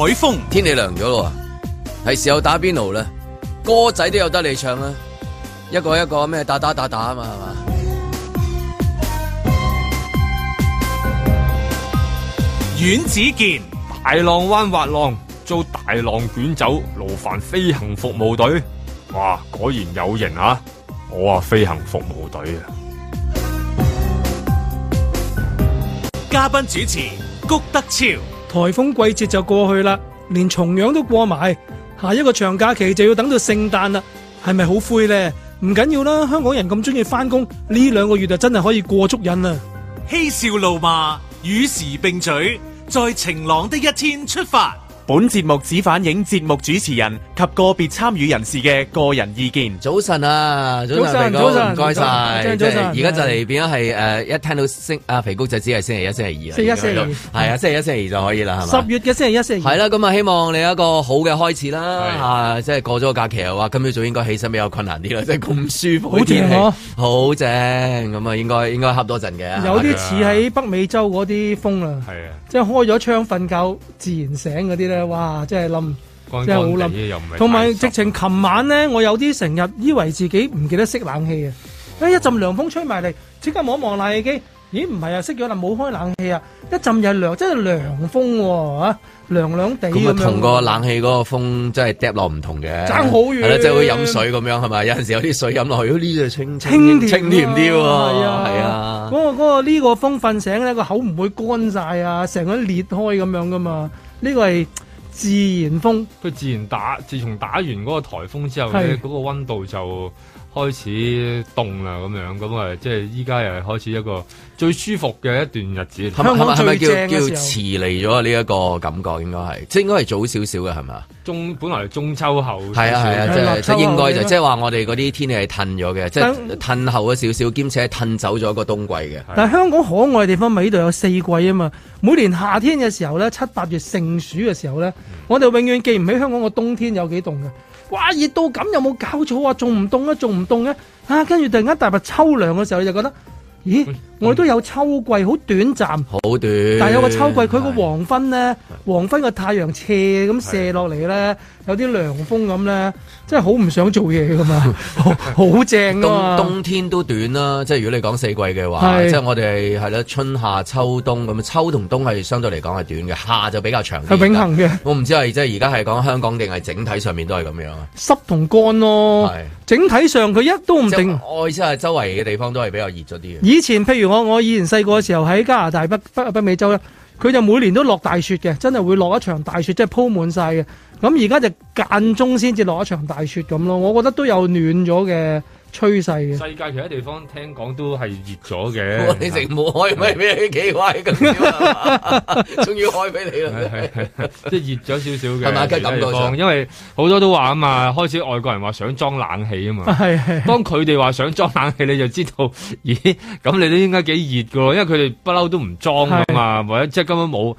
海風，天氣涼咗咯，係時候打邊爐啦。歌仔都有得你唱啦，一個一個咩打打打打啊嘛，係嘛？阮子健，大浪灣滑浪，遭大浪捲走勞煩飛行服務隊。哇，果然有型啊！我話飛行服務隊啊。嘉賓主持谷德超。颱風季節就過去啦，連重陽都過埋，下一個長假期就要等到聖誕啦，係咪好灰呢？唔緊要啦，香港人咁中意返工，呢兩個月就真係可以過足癮啦。嬉笑怒罵與時並舉，在晴朗的一天出發。本節目只反映節目主持人及個別參與人士嘅個人意見。早晨啊，早晨，早晨，唔該晒，早晨，而家就嚟變咗係誒，一聽到星阿肥谷就只係星期一、星期二，星期一、星期二係啊，星期一、星期二就可以啦，係咪？十月嘅星期一、星期二係啦，咁啊，希望你有一個好嘅開始啦。啊，即係過咗個假期嘅話，今朝早應該起身比較困難啲啦，即係咁舒服好天氣，好正咁啊，應該應該恰多陣嘅。有啲似喺北美洲嗰啲風啊，係啊，即係開咗窗瞓覺自然醒嗰啲咧。哇！真係冧，乾乾真係好冧。同埋有直情琴晚咧，我有啲成日以為自己唔記得熄冷氣嘅，哦、一陣涼風吹埋嚟，即刻望望冷氣機，咦？唔係啊，熄咗啦，冇開冷氣啊！一陣又涼，真係涼風喎、啊、嚇，嗯、涼涼地咁樣。同、個冷氣嗰個風，真係跌落唔同嘅，爭好遠。係啦，即係會飲水咁樣係咪？有陣時有啲水飲落去，呢度清清清甜啲喎。係啊，係啊。嗰個呢個風瞓醒咧，個口唔會乾晒啊，成個裂開咁樣噶嘛。呢個係。自然風，佢自然打，自從打完嗰個颱風之後咧，嗰是個溫度就。開始凍啦，咁樣咁啊，即係依家又係開始一個最舒服嘅一段日子。係咪係咪叫叫遲嚟咗？呢一個感覺應該係，即係應該係早少少嘅，係咪？中本來係中秋後係啊係啊，即係、即係、應該就即係話我哋嗰啲天氣係褪咗嘅，即係褪後咗少少，兼且係褪走咗個冬季嘅。但係香港可愛嘅地方咪呢度有四季啊嘛？每年夏天嘅時候咧，七八月盛暑嘅時候咧，嗯、我哋永遠記唔起香港個冬天有幾凍嘅。哇！熱到咁有冇搞錯啊？仲唔凍啊？仲唔凍嘅啊！啊、跟住突然間大白秋涼嘅時候，你就覺得，咦？我哋都有秋季，好短暫，好短。但係有個秋季，佢個黃昏咧，黃昏個太陽斜咁射落嚟咧，有啲涼風咁咧，真係好唔想做嘢噶嘛，好正啊！冬冬天都短啦，即係如果你講四季嘅話，即係我哋係啦春夏秋冬咁，秋同冬係相對嚟講係短嘅，夏就比較長嘅。係永恆嘅。我唔知係即係而家係講香港定係整體上面都係咁樣啊？濕同乾咯，整體上佢一都唔定。我意思係周圍嘅地方都係比較熱咗啲。以前譬如。我我以前細個嘅時候喺加拿大北北北美洲咧，佢就每年都落大雪嘅，真係會落一場大雪，即係鋪滿晒嘅。咁而家就間中先至落一場大雪咁咯。我覺得都有暖咗嘅。趨勢嘅世界，其他地方聽講都係熱咗嘅。哇但你成冇開咪俾幾塊咁，終要開俾你啦。 即係熱咗少少嘅，係咪跟感覺上因為好多都話啊嘛，開始外國人話想裝冷氣啊嘛。係當佢哋話想裝冷氣，你就知道，咦？咁你都應該幾熱噶咯？因為佢哋不嬲都唔裝噶嘛，或者是即係根本冇，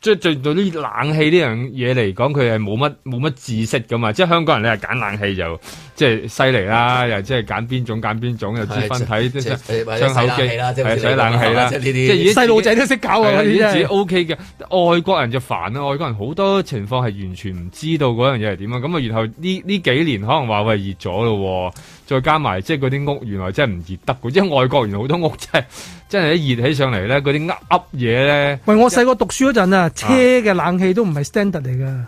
即係對到啲冷氣呢樣嘢嚟講，佢係冇乜冇乜知識噶嘛。即係香港人，你係揀冷氣就。即係犀利啦， 又即係揀邊種揀邊種，種 又知分體窗 口機，洗冷氣啦，即係呢啲，即係而家細路仔都識搞啊，呢啲 O K 嘅。外國人就煩啦，外國人好多情況係完全唔知道嗰樣嘢係點啊。咁啊，然後呢呢幾年可能話喂熱咗咯，再加埋即係嗰啲屋原來真係唔熱得嘅，即係外國原來好多屋真係真係一熱起上嚟咧，嗰啲噏噏嘢咧。喂，我細個讀書嗰陣啊，車嘅冷氣都唔係 standard 嚟噶。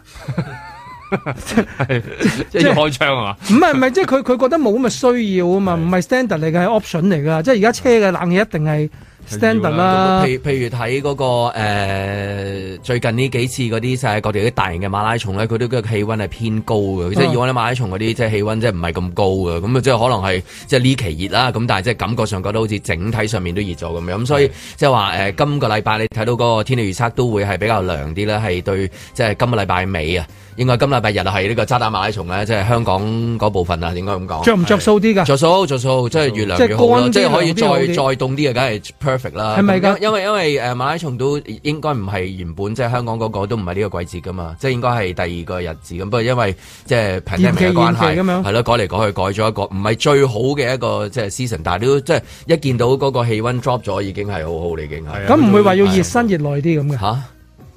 即係即係開窗啊、就是、嘛？唔係唔係，即係佢佢覺得冇乜需要啊嘛？唔係 standard 嚟嘅，係 option 嚟噶。即係而家車嘅冷氣一定係 standard 啦。譬譬如睇嗰，那個誒、呃，最近呢幾次嗰啲世界各地啲大型嘅馬拉松咧，佢都個氣温係偏高嘅。即係以往啲馬拉松嗰啲，即係氣温即係唔係咁高嘅。咁即係可能係即係呢期熱啦。咁但係即係感覺上覺得好似整體上面都熱咗咁樣。咁所以即係話誒，今個禮拜你睇到嗰個天氣預測都會係比較涼啲啦，係對，即，就，係，是，今個禮拜尾啊。應該今禮拜日係呢個渣打馬拉松咧，即係香港嗰部分啊，應該咁講，着唔着數啲噶？着數好，着數好，即係越涼越好咯，即係可以再再凍啲嘅，梗係 perfect 啦。係咪噶？因為因為誒馬拉松都應該唔係原本即係香港嗰個都唔係呢個季節噶嘛，即係應該係第二個日子咁。不過因為即係 pandemic 嘅關係，係咯，改嚟改去改咗一個，唔係最好嘅一個即係 season，但係都即係一見到嗰個氣温 drop 咗，已經係好好嚟嘅。係啊，咁唔會話要熱身熱耐啲咁嘅嚇。啊。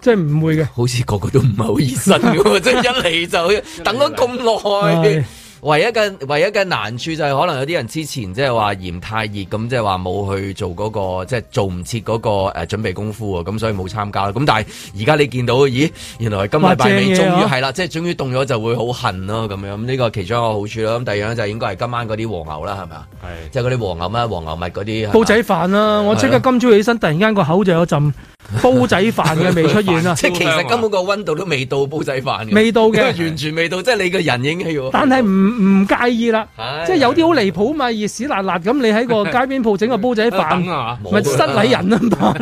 即係唔會嘅，好似個個都唔係好熱心嘅，即係 一嚟就等咗咁耐。一來一來哎唯一嘅唯一嘅難處就係可能有啲人之前即係話嫌太熱咁，即係話冇去做嗰、那個即係、就是、做唔切嗰個誒準備功夫啊，咁所以冇參加啦。咁但係而家你見到咦，原來今禮拜尾終於係啦，即係、啊就是、終於凍咗就會好恨咯咁樣。呢、這個其中一個好處啦。咁第二樣就應該係今晚嗰啲黃牛啦，係咪是啊？即係嗰啲黃牛啦，黃牛咪嗰啲。煲仔飯啦，我即刻今朝起身，突然間個口就有陣煲仔飯嘅味出現啦。即係其實根本個溫度都未到煲仔飯未到嘅， 完全未到。即係是你個人應該要，但係唔。唔介意啦，即係有啲好離譜嘛，熱屎辣辣咁，你喺個街邊鋪整個煲仔飯，咪失禮人咯。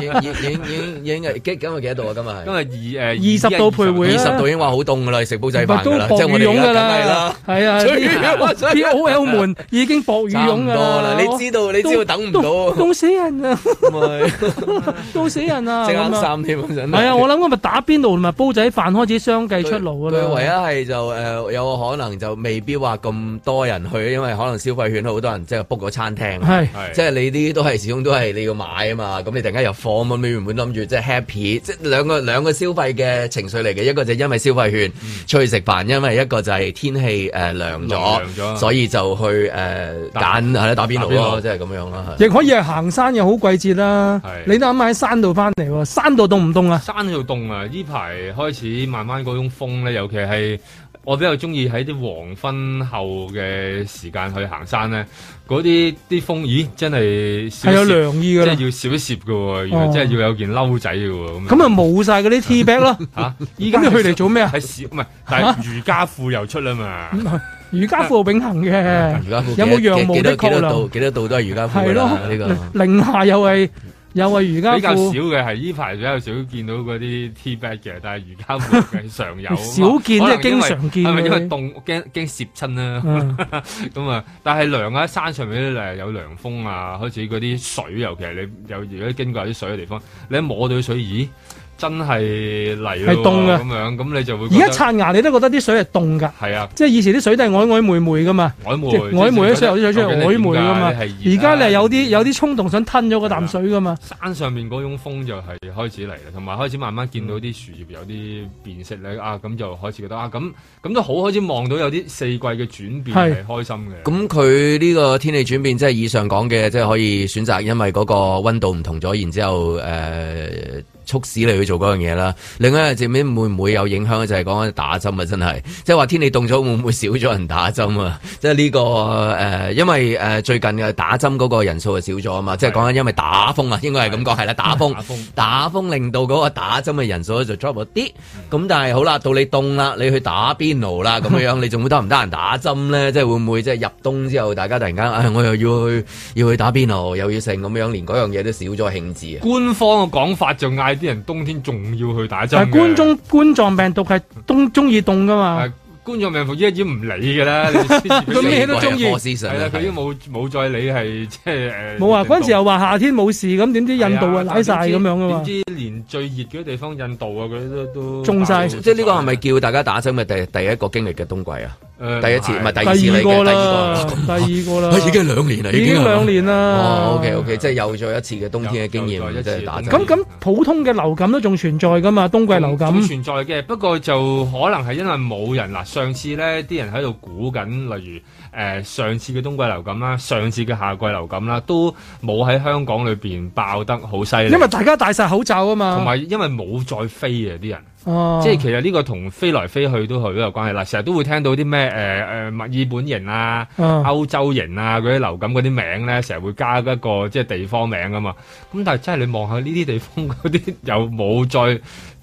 影影影影影啊，今日幾多度啊？今日今日二誒二十度徘徊，二十度已經話好凍噶啦，食煲仔飯都即係我哋羽絨噶啦。係啊，澳門已經薄羽絨噶啦。你知道你知道等唔到，凍死人啊！凍死人啊！即啱衫添，係啊！我諗我咪打邊爐，同埋煲仔飯開始相繼出爐噶啦。唯一係就誒有可能就未。未必話咁多人去，因為可能消費券好多人即係 book 咗餐廳。係是，即係你啲都係始終都係你要買啊嘛。咁你突然間又放，咁你唔會諗住即係 happy，即係兩個兩個消費嘅情緒嚟嘅。一個就係因為消費券、嗯、出去食飯，因為一個就係天氣誒涼咗，呃、涼涼所以就去誒揀係打邊爐咯，即係咁樣啦。亦可以係行山，又好季節啦。是你啱買喺山度翻嚟，山度凍唔凍啊？山度凍啊！呢排開始慢慢嗰種風咧，尤其係。我比較中意喺啲黃昏後嘅時間去行山咧，嗰啲啲風咦，真係係有涼意噶真即係要攝一攝噶喎原來真係要有件褸仔噶喎咁咁啊冇晒嗰啲 T 恤咯，吓，而家佢哋做咩啊？係唔係，但係瑜伽褲又出吖嘛。瑜伽褲永恆嘅，有冇羊毛的確啦？幾多度？幾多度都係瑜伽褲嘅呢個。零下又係。有啊，瑜伽褲比較少嘅係呢排比較少見到嗰啲 T back 嘅，但係瑜伽褲嘅常有。少 見即係經常見，係咪因為凍驚驚攝親啊？咁啊、嗯， 但係涼啊，山上面咧誒有涼風啊，開始嗰啲水，尤其係你有如果經過有啲水嘅地方，你一摸到水，咦？真係嚟咯，係凍噶，咁樣咁你就會而家刷牙，你都覺得啲水係凍噶，係啊，即係以前啲水都係曖昧曖昧噶嘛，曖昧曖昧啲水出嚟，曖昧噶嘛。而家你係有啲有啲衝動想吞咗個啖水噶嘛。山上面嗰種風就係開始嚟啦，同埋開始慢慢見到啲樹葉有啲變色咧啊，咁就開始覺得啊，咁咁都好，開始望到有啲四季嘅轉變係開心嘅。咁佢呢個天氣轉變即係以上講嘅，即係可以選擇，因為嗰個溫度唔同咗，然之後誒。促使你去做嗰樣嘢啦。另一樣正面會唔會有影響就係講緊打針啊，真係即係話天氣凍咗，會唔會少咗人打針啊？即係呢個誒、呃，因為誒、呃、最近嘅打針嗰個人數就少咗啊嘛。即係講緊因為打風啊，應該係咁講係啦。是的 打風，的打風打風令到嗰個打針嘅人數就 drop 咗啲。咁但係好啦，到你凍啦，你去打邊爐啦咁樣，你仲會得唔得人打針咧？即係 會唔會即係、即係、入冬之後，大家突然間、哎、我又要去要去打邊爐，又要成咁樣，連嗰樣嘢都少咗興致啊。官方嘅講法就嗌。啲人冬天仲要去打針，係冠中冠狀病毒係冬中意凍噶嘛？冠狀病毒已經唔理噶啦，你咩都中意。係啦，佢已經冇冇再理係即係誒，冇啊！嗰陣時又話夏天冇事，咁點知印度啊瀨晒咁樣點知連最熱嘅地方印度啊，佢都都中晒。即係呢個係咪叫大家打針？咪第第一個經歷嘅冬季啊？第一次唔係第二次啦，第二個啦，第二個啦，啊、個了已經兩年啦，已經兩年啦。哦、啊、，OK OK，即係有咗一次嘅冬天嘅經驗，即係打咁咁普通嘅流感都仲存在㗎嘛，冬季流感仲存在嘅，不過就可能係因為冇人啦，上次咧啲人喺度估緊，例如。誒、呃、上次嘅冬季流感啦，上次嘅夏季流感啦，都冇喺香港裏面爆得好犀利。因為大家戴晒口罩啊嘛，同埋因為冇再飛啊啲人，哦、即係其實呢個同飛來飛去都去都有關係啦。成日都會聽到啲咩誒誒墨爾本型啊、哦、歐洲型啊嗰啲流感嗰啲名咧，成日會加一個即係地方名啊嘛。咁但係真係你望下呢啲地方嗰 啲又冇再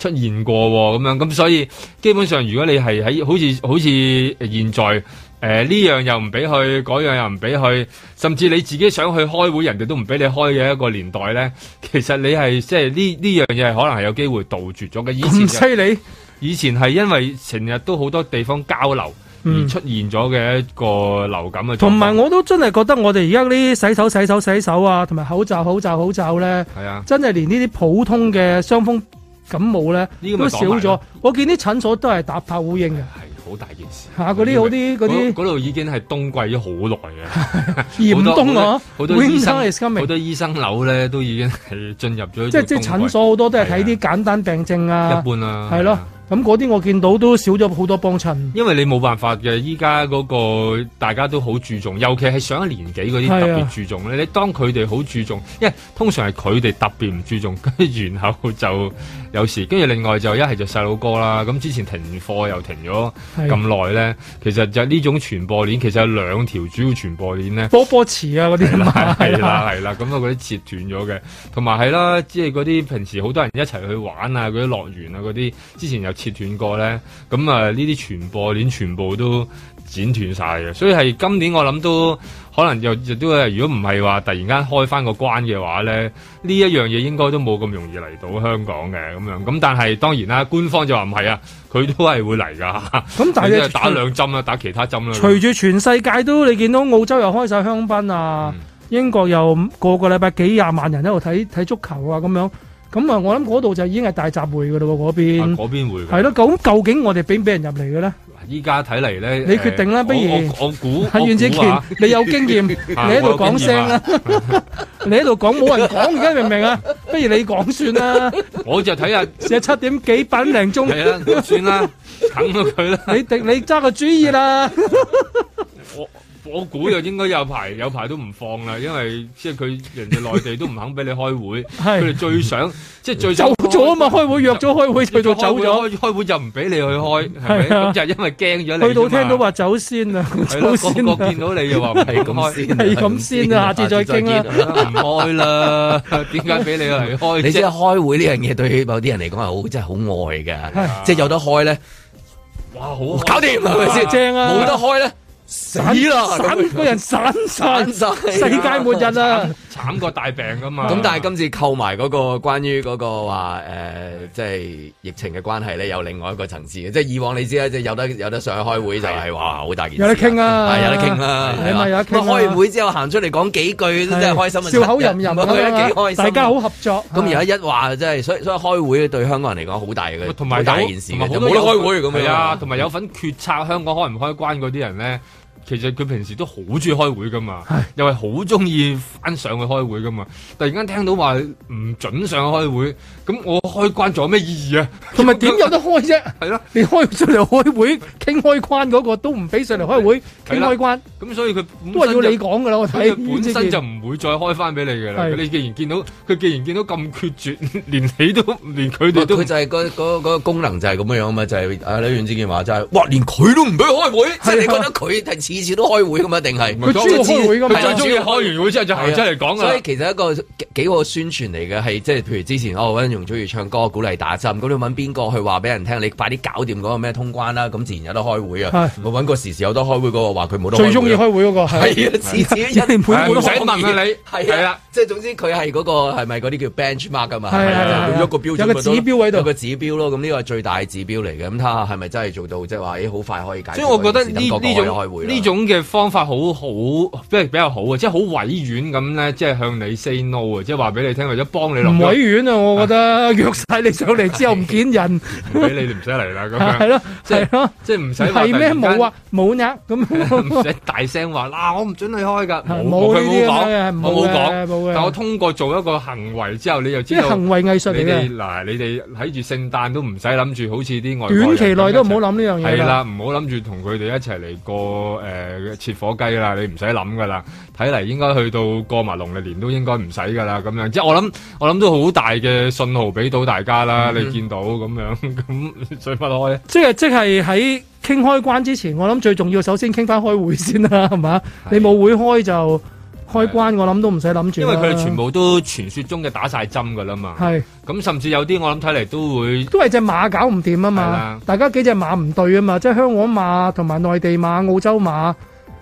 出現過咁、啊、樣，咁所以基本上如果你係喺好似好似現在。誒，呢、呃、樣又唔俾去，嗰樣又唔俾去，甚至你自己想去開會，人哋都唔俾你開嘅一個年代呢。其實你係即係呢呢樣嘢，可能係有機會杜絕咗嘅，咁犀利！以前係、就是、因為成日都好多地方交流而出現咗嘅一個流感嘅。同埋、嗯，我都真係覺得我哋而家呢啲洗手洗手洗手啊，同埋口罩口罩口罩呢，係啊，真係連呢啲普通嘅傷風感冒呢都少咗。我見啲診所都係搭拍烏蠅嘅。好大件事嚇！嗰啲好啲嗰啲度已經係冬季咗好耐嘅嚴冬啊！好多，多，多醫生好多醫生樓咧都已經係進入咗，即即診所好多都係睇啲簡單病症啊，啊一般啊。係咯啊。咁嗰啲我見到都少咗好多幫襯，因為你冇辦法嘅，依家嗰個大家都好注重，尤其係上一年紀嗰啲特別注重咧。是啊、你當佢哋好注重，因為通常係佢哋特別唔注重，跟 住然後就有時跟住另外就一係就細佬哥啦。咁之前停課又停咗咁耐咧，其實就呢種傳播鏈其實有兩條主要傳播鏈咧，波波池啊嗰啲係啦係啦，咁啊嗰啲、啊啊啊啊、切斷咗嘅，同埋係啦，即係嗰啲平時好多人一齊去玩啊嗰啲樂園啊嗰啲，之前又。切斷過咧，咁啊呢啲傳播鏈全部都剪斷晒嘅，所以係今年我諗都可能又亦都係，如果唔係話突然間開翻個關嘅話咧，呢一樣嘢應該都冇咁容易嚟到香港嘅咁樣。咁但係當然啦，官方就話唔係啊，佢都係會嚟噶。咁但係是打兩針啦，打其他針啦。隨住全世界都你見到澳洲又開晒香檳啊，嗯、英國又個個禮拜幾廿萬人喺度睇睇足球啊咁樣。咁啊，我諗嗰度就已經係大集會噶喎。嗰邊嗰邊會係咯。咁究竟我哋俾唔俾人入嚟嘅咧？依家睇嚟咧，你決定啦，不如我估，係袁子權，你有經驗，你喺度講聲啦，你喺度講，冇人講而家，明唔明啊？不如你講算啦。我就睇下，即七點幾，八零鐘，係啦，算啦，肯咗佢啦。你定你揸個主意啦。我估就應該有排有排都唔放啦，因為即係佢人哋內地都唔肯俾你開會，佢哋最想即係最走咗啊嘛！開會約咗開會，佢就走咗。開會就唔俾你去開，係咪啊？就係因為驚咗你。去到聽到話走先啊，走先。個個見到你又話唔係咁先，係咁先啊！下次再傾啦，唔開啦。點解俾你去開？你知啊，開會呢樣嘢對某啲人嚟講係好真係好愛嘅，即係有得開咧。哇！好搞掂係咪先？正啊！冇得開咧。死啦，三個人散散晒，世界末日啦，慘過大病噶嘛。咁但係今次扣埋嗰個關於嗰個話，誒，即係疫情嘅關係咧，有另外一個層次嘅。即係以往你知啦，即係有得有得上去開會就係話好大件事，有得傾啊，有得傾啦，係啊。咁開會之後行出嚟講幾句都真係開心，笑口吟吟幾開心，大家好合作。咁而家一話即係所所以開會對香港人嚟講好大嘅，同埋大件事嘅，冇得開會咁樣。係啊，同埋有份決策香港開唔開關嗰啲人咧。其實佢平時都好中意開會噶嘛，的又係好中意翻上去開會噶嘛。突然間聽到話唔准上去開會，咁我開關仲有咩意義啊？同埋點有得開啫？係咯的，你開出嚟開會傾開關嗰個都唔俾上嚟開會傾的開關。咁所以佢都係要你講噶啦。我睇佢本身就唔會再開翻俾你噶啦。的的你既然見到佢，既然見到咁決絕，連你都連佢哋都，佢就係、是嗰個功能就係咁樣樣嘛。就係、是、阿李元志健話齋，哇，連佢都唔俾開會，即係的你覺得佢次次都開會咁啊？定係佢最中意開會嘅，最中意開完會之後就行出嚟講啊！所以其實一個幾個宣傳嚟嘅，係即係譬如之前我揾容祖兒唱歌鼓勵打針，咁你揾邊個去話俾人聽？你快啲搞掂嗰個咩通關啦！咁自然有得開會啊！我揾個時時有得開會嗰個，話佢冇得開會，最中意開會嗰個係啊！次次一年半都你即係總之佢係嗰個係咪嗰啲叫 benchmark 噶嘛？係一個標準，有個指標喺度個指標咯。咁呢個係最大指標嚟嘅。咁睇下係咪真係做到即係話好快可以解決？所以我覺得呢呢種嘅方法好好，即係比較好啊，即係好委婉咁咧，即係向你 say no 啊，即係話俾你聽，或者幫你諗委婉啊，我覺得約晒你上嚟之後唔見人，唔俾你你唔使嚟啦咁樣，係咯，係咯，即係唔使係咩冇啊冇㗎咁，唔使大聲話嗱我唔准你開噶，冇佢冇講，我冇講但我通過做一個行為之後，你就知道行為藝術嚟嘅，嗱你哋喺住聖誕都唔使諗住好似啲外國，短期內都唔好諗呢樣嘢，係啦，唔好諗住同佢哋一齊嚟過。誒、呃，切火雞啦，你唔使諗噶啦，睇嚟應該去到過埋農曆年都應該唔使噶啦，咁樣即係我諗，我諗都好大嘅信號俾到大家啦，嗯嗯，你見到咁樣，咁水不開咧，即係即係喺傾開關之前，我諗最重要，首先傾翻開會先啦，係嘛？是的 你冇會開就。開關我諗都唔使諗住，因為佢哋全部都傳說中嘅打晒針噶啦嘛。係咁是，甚至有啲我諗睇嚟，都會都係隻馬搞唔掂啊嘛。的大家幾隻馬唔對啊嘛，即係香港馬同埋內地馬、澳洲馬，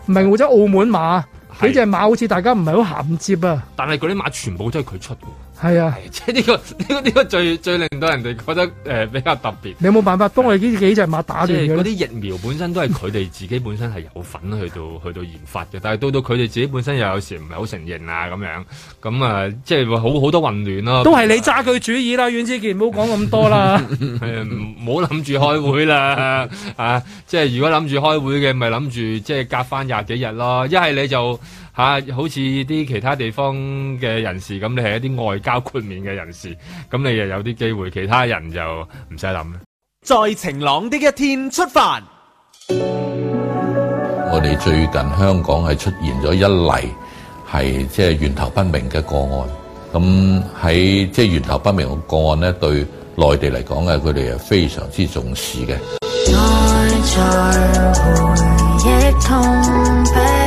唔係澳洲澳門馬，是幾隻馬好似大家唔係好銜接啊。但係嗰啲馬全部都係佢出。係啊，即係呢個呢、這個呢、這個最最令到人哋覺得誒、呃、比較特別。你有冇辦法幫我哋呢幾隻馬打住？即係嗰啲疫苗本身都係佢哋自己本身係有份去到 去到研發嘅，但係到到佢哋自己本身又有時唔係好承認啊咁樣，咁啊即係好好多混亂咯。都係你揸佢主意啦，袁子健，唔好講咁多啦。唔好諗住開會啦 啊！即係如果諗住開會嘅，咪諗住即係隔翻廿幾日咯。一係你就。啊、好似啲其他地方嘅人士咁，你係一啲外交豁免嘅人士，咁你又有啲機會。其他人就唔使諗啦。在晴朗的一天出發。 我哋最近香港係出現咗一例係即係源頭不明嘅個案，咁喺即係源頭不明個案呢，對內地嚟講嘅，佢哋係非常之重視嘅。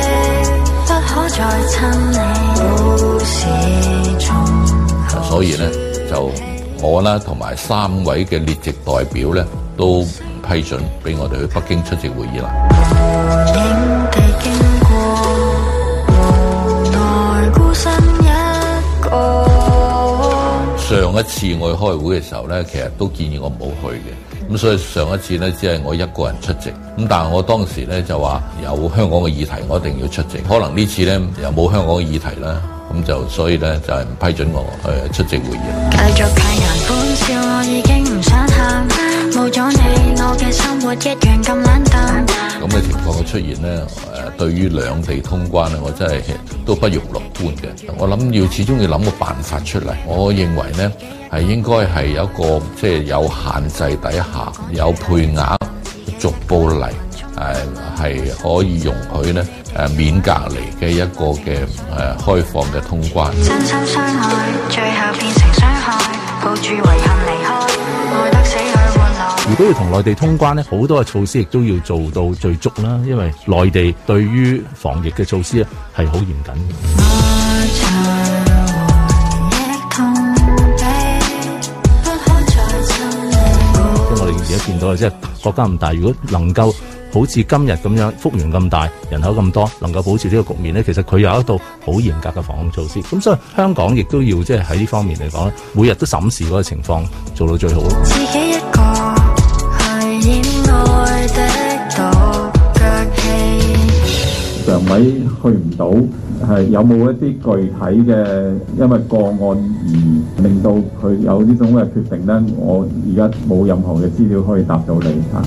所以咧，就我啦，同埋三位嘅列席代表咧，都批准俾我哋去北京出席會議啦。上一次我去開會嘅時候咧，其實都建議我唔好去嘅。咁所以上一次咧，只係我一個人出席。咁但係我當時咧就話有香港嘅議題，我一定要出席。可能呢次咧又冇香港嘅議題啦，咁就所以咧就係唔批准我去出席會議。繼續歡笑，我已經唔想喊。冇咗你，我嘅生活一樣咁冷淡。咁嘅情況嘅出現咧，誒，對於兩地通關咧，我真係都不容樂觀嘅。我諗要始終要諗個辦法出嚟。我認為咧係應該係有一個即係有限制底下有配額，逐步嚟，誒係可以容許咧，誒免隔離嘅一個嘅，誒開放嘅通關。傷害最後變成傷害，抱住遺憾嚟。如果要同內地通關呢，好多嘅措施亦都要做到最足啦，因為內地對於防疫嘅措施咧係好嚴謹嘅。我哋而家見到啦，即係國家咁大，如果能夠好似今日咁樣復原咁大，人口咁多，能夠保持呢個局面呢，其實佢有一套好嚴格嘅防控措施。咁所以香港亦都要即係喺呢方面嚟講咧，每日都審視嗰個情況，做到最好。位去唔到，係有冇一啲具體嘅，因為個案而令到佢有呢種嘅決定咧？我而家冇任何嘅資料可以答到你吓。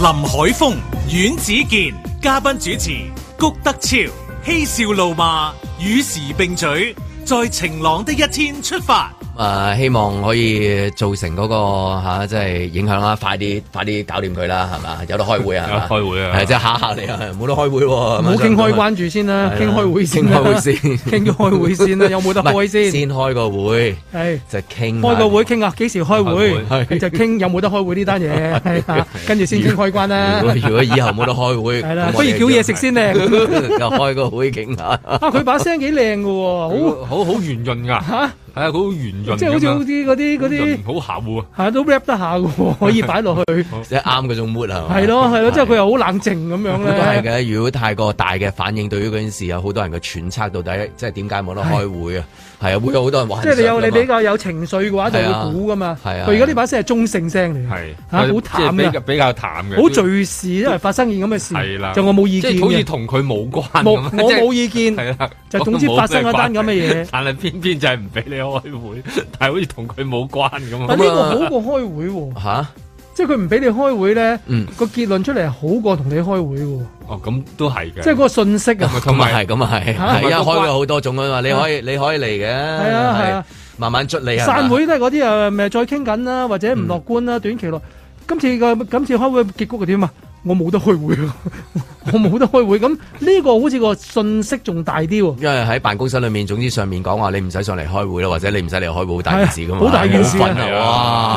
林海峰、阮子健。嘉賓主持谷德昭嬉笑怒罵，與時並舉，在晴朗的一天出發。誒，希望可以造成嗰個吓，即係影響啦！快啲，快啲搞掂佢啦，係嘛？有得開會啊？開會啊！即係下下嚟，你啊！冇得開會，唔好傾開關住先啦，傾開會先，傾開會先，傾開會先啦！有冇得開先？先開個會，係就傾開個會，傾啊！幾時開會？你就傾有冇得開會呢單嘢？跟住先傾開關啦。如果以後冇得開會，可以叫嘢食先咧。就開個會傾下啊！啊，佢把聲幾靚噶，好好好圓潤噶。係好、哎、圓潤，即係好似啲嗰啲嗰啲好厚啊，係都 wrap 得下嘅， 可以擺落去。即係啱嗰種 mood 係嘛？係咯係咯，即係佢又好冷靜咁樣咧。都係嘅，如果太過大嘅反應對於嗰件事，有好多人嘅揣測，到底即係點解冇得開會啊？ 係啊，會有好多人玩。即係你有你比較有情緒嘅話，就會估噶嘛。佢而家呢把聲係中性聲嚟，嚇好淡嘅。比較淡嘅。好敘事。因為發生件咁嘅事，就我冇意見。好似同佢冇關咁。我冇意見。係啦。就總之發生一單咁嘅嘢。但係偏偏就係唔俾你開會，但係好似同佢冇關咁啊！呢個好過開會喎。即係佢唔俾你開會咧，嗯、個結論出嚟好過同你開會喎。哦，咁都係嘅。即係嗰個信息啊，咁啊係，咁啊係。係啊開會好多種啊嘛，你可以、嗯、你可以嚟嘅。係啊係啊，啊啊慢慢出嚟啊。散會都係嗰啲啊，咪再傾緊啦，或者唔樂觀啦、啊、嗯、短期落。今次個今次開會結局係點啊？我冇得開會。呵呵我冇得開會，咁呢個好似個信息仲大啲喎。因為喺辦公室裏面，總之上面講話你唔使上嚟開會啦，或者你唔使嚟開會，好大,、啊、大件事㗎、啊、嘛，好大件事哇，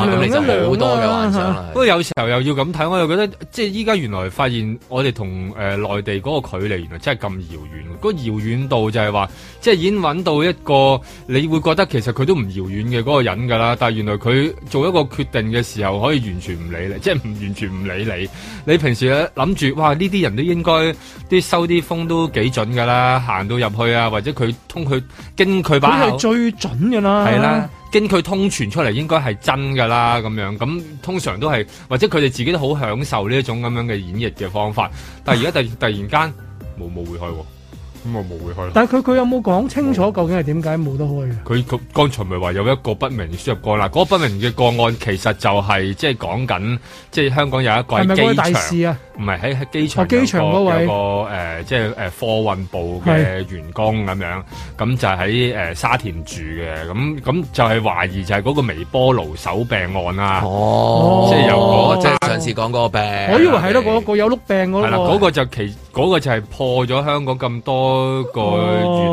咁、啊、你就好多嘅幻想。不過、啊啊啊、有時候又要咁睇，我又覺得即係依家原來發現我哋同誒內地嗰個距離原來真係咁遙遠。個遙遠度就係話，即、就、係、是、已經搵到一個你會覺得其實佢都唔遙遠嘅嗰個人㗎啦。但係原來佢做一個決定嘅時候，可以完全唔理你，即係唔完全唔理你。你平時諗住，哇呢啲人都應。應該啲收啲風都幾準噶啦，行到入去啊，或者佢通佢經佢把口係最準噶啦、啊，係啦，經佢通傳出嚟應該係真噶啦，咁樣咁通常都係或者佢哋自己都好享受呢一種咁樣嘅演繹嘅方法，但係而家突突然間冇冇回去喎。咁、嗯、我冇會開。但係佢佢有冇講清楚了究竟係點解冇得開嘅？佢剛才咪話有一個不明輸入個案，嗰、嗰個不明嘅個案其實就係即係講緊，即、就、係、是就是就是就是、香港有一個機場，唔係喺喺機場有個有個誒的，即係誒貨運部嘅員工咁樣，咁就喺誒沙田住嘅，咁咁就係懷疑就係嗰個微波爐手病案啦。哦，即係有嗰即係上次講嗰個病。我以為係咯，個個有碌病嘅咯。係啦，嗰個就其。嗰個就係破咗香港咁多個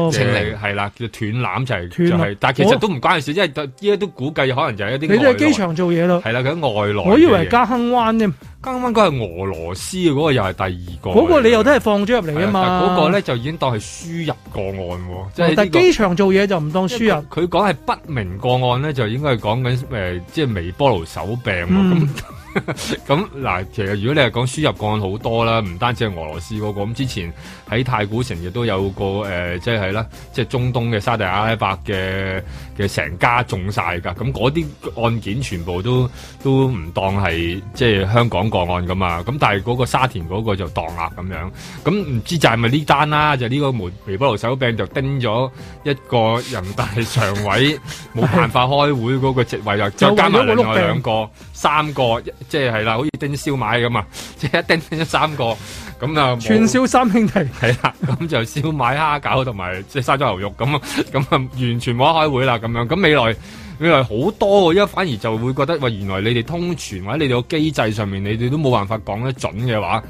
疫情嚟，係啦、哦，叫斷纜就係、是，纜就係、是、但其實都唔關事，我因為依家都估計可能就係一啲你都係機場做嘢咯，係啦，佢喺外來。我以為係嘉亨灣啫，嘉亨灣係俄羅斯嗰、那個又係第二個。嗰個你又都係放咗入嚟啊嘛？嗰個咧就已經當係輸入個案，即係、哦這個、但機機場做嘢就唔當輸入。佢講係不明個案咧，就應該係講緊即係微波爐手病。嗯咁嗱， 其實如果你係講輸入個案好多啦，唔單止係俄羅斯嗰、那個，咁之前喺太古城亦都有個誒、呃，即係啦即係中東嘅沙特阿拉伯嘅嘅成家中晒噶，咁嗰啲案件全部都都唔當係即係香港個案㗎嘛，咁但係嗰個沙田嗰個就當啦咁樣，咁唔知就係咪呢單啦？就呢、是、個門微波爐手柄就叮咗一個人大常委，冇 辦法開會嗰個職位又 加埋另外兩個 三個即係係啦，好似叮燒賣咁啊！即係一叮叮咗三個咁啊，就串燒三兄弟係啦了，咁 就燒賣蝦餃同埋即係沙咗牛肉咁啊，咁啊完全冇得開會啦咁樣。咁未來未來好多喎，因為反而就會覺得喂，原來你哋通傳或者你哋個機制上面，你哋都冇辦法講得準嘅話。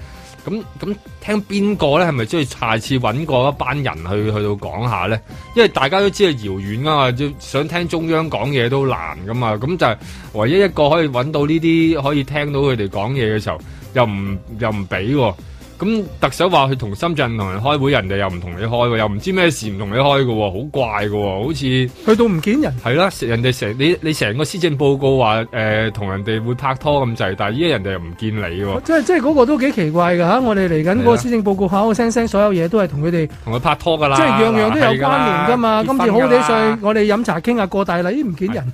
咁咁聽邊個咧？係咪即係下次揾過一班人去去到講下咧？因為大家都知係遙遠吖嘛，想聽中央講嘢都難噶嘛。咁就係唯一一個可以揾到呢啲可以聽到佢哋講嘢嘅時候，又唔又唔俾喎。咁特首話佢同深圳同人開會，人哋又唔同你開，又唔知咩事唔同你開喎，好怪嘅，好似去到唔見人。係啦，人哋成你你成個施政報告話誒，同人哋會拍拖咁滯，但係依家人哋又唔見你嘅。即係即係嗰個都幾奇怪㗎。吓，我哋嚟緊個施政報告，口口聲聲所有嘢都係同佢哋同佢拍拖噶啦，即係樣樣都有關聯噶嘛。今次好幾歲我哋飲茶傾下過大禮，唔見人，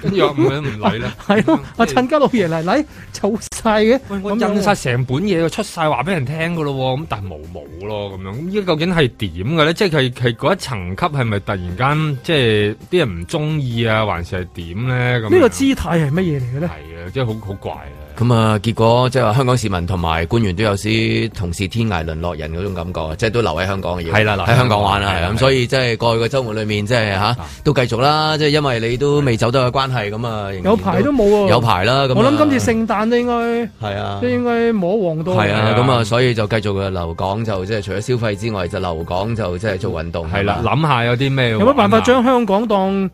跟住咁樣唔嚟咧。係咯，阿趁家老爺嚟嚟，走晒嘅，我印晒成本嘢，出晒話俾。俾人聽噶咯，咁但係冇冇咯，咁樣咁依家究竟係點嘅咧？即係係嗰一層級係咪突然間即係啲人唔中意啊，還是係點咧？咁呢個姿態係乜嘢嚟嘅咧？係啊，即係好好怪啊！咁啊，結果即係話香港市民同埋官員都有啲同是天涯淪落人嗰種感覺，即係都留喺香港嘅嘢。係啦，留喺香港玩啦，咁所以即係過去嘅週末裏面，即係吓，都繼續啦。即係因為你都未走得嘅關係，咁啊有排都冇喎。有排啦，咁我諗今次聖誕應該係啊，都應該旺多啲。係啊，咁啊，所以就繼續嘅留港，就即係除咗消費之外，就留港就即係做運動。係啦，諗下有啲咩？有乜辦法將香港當？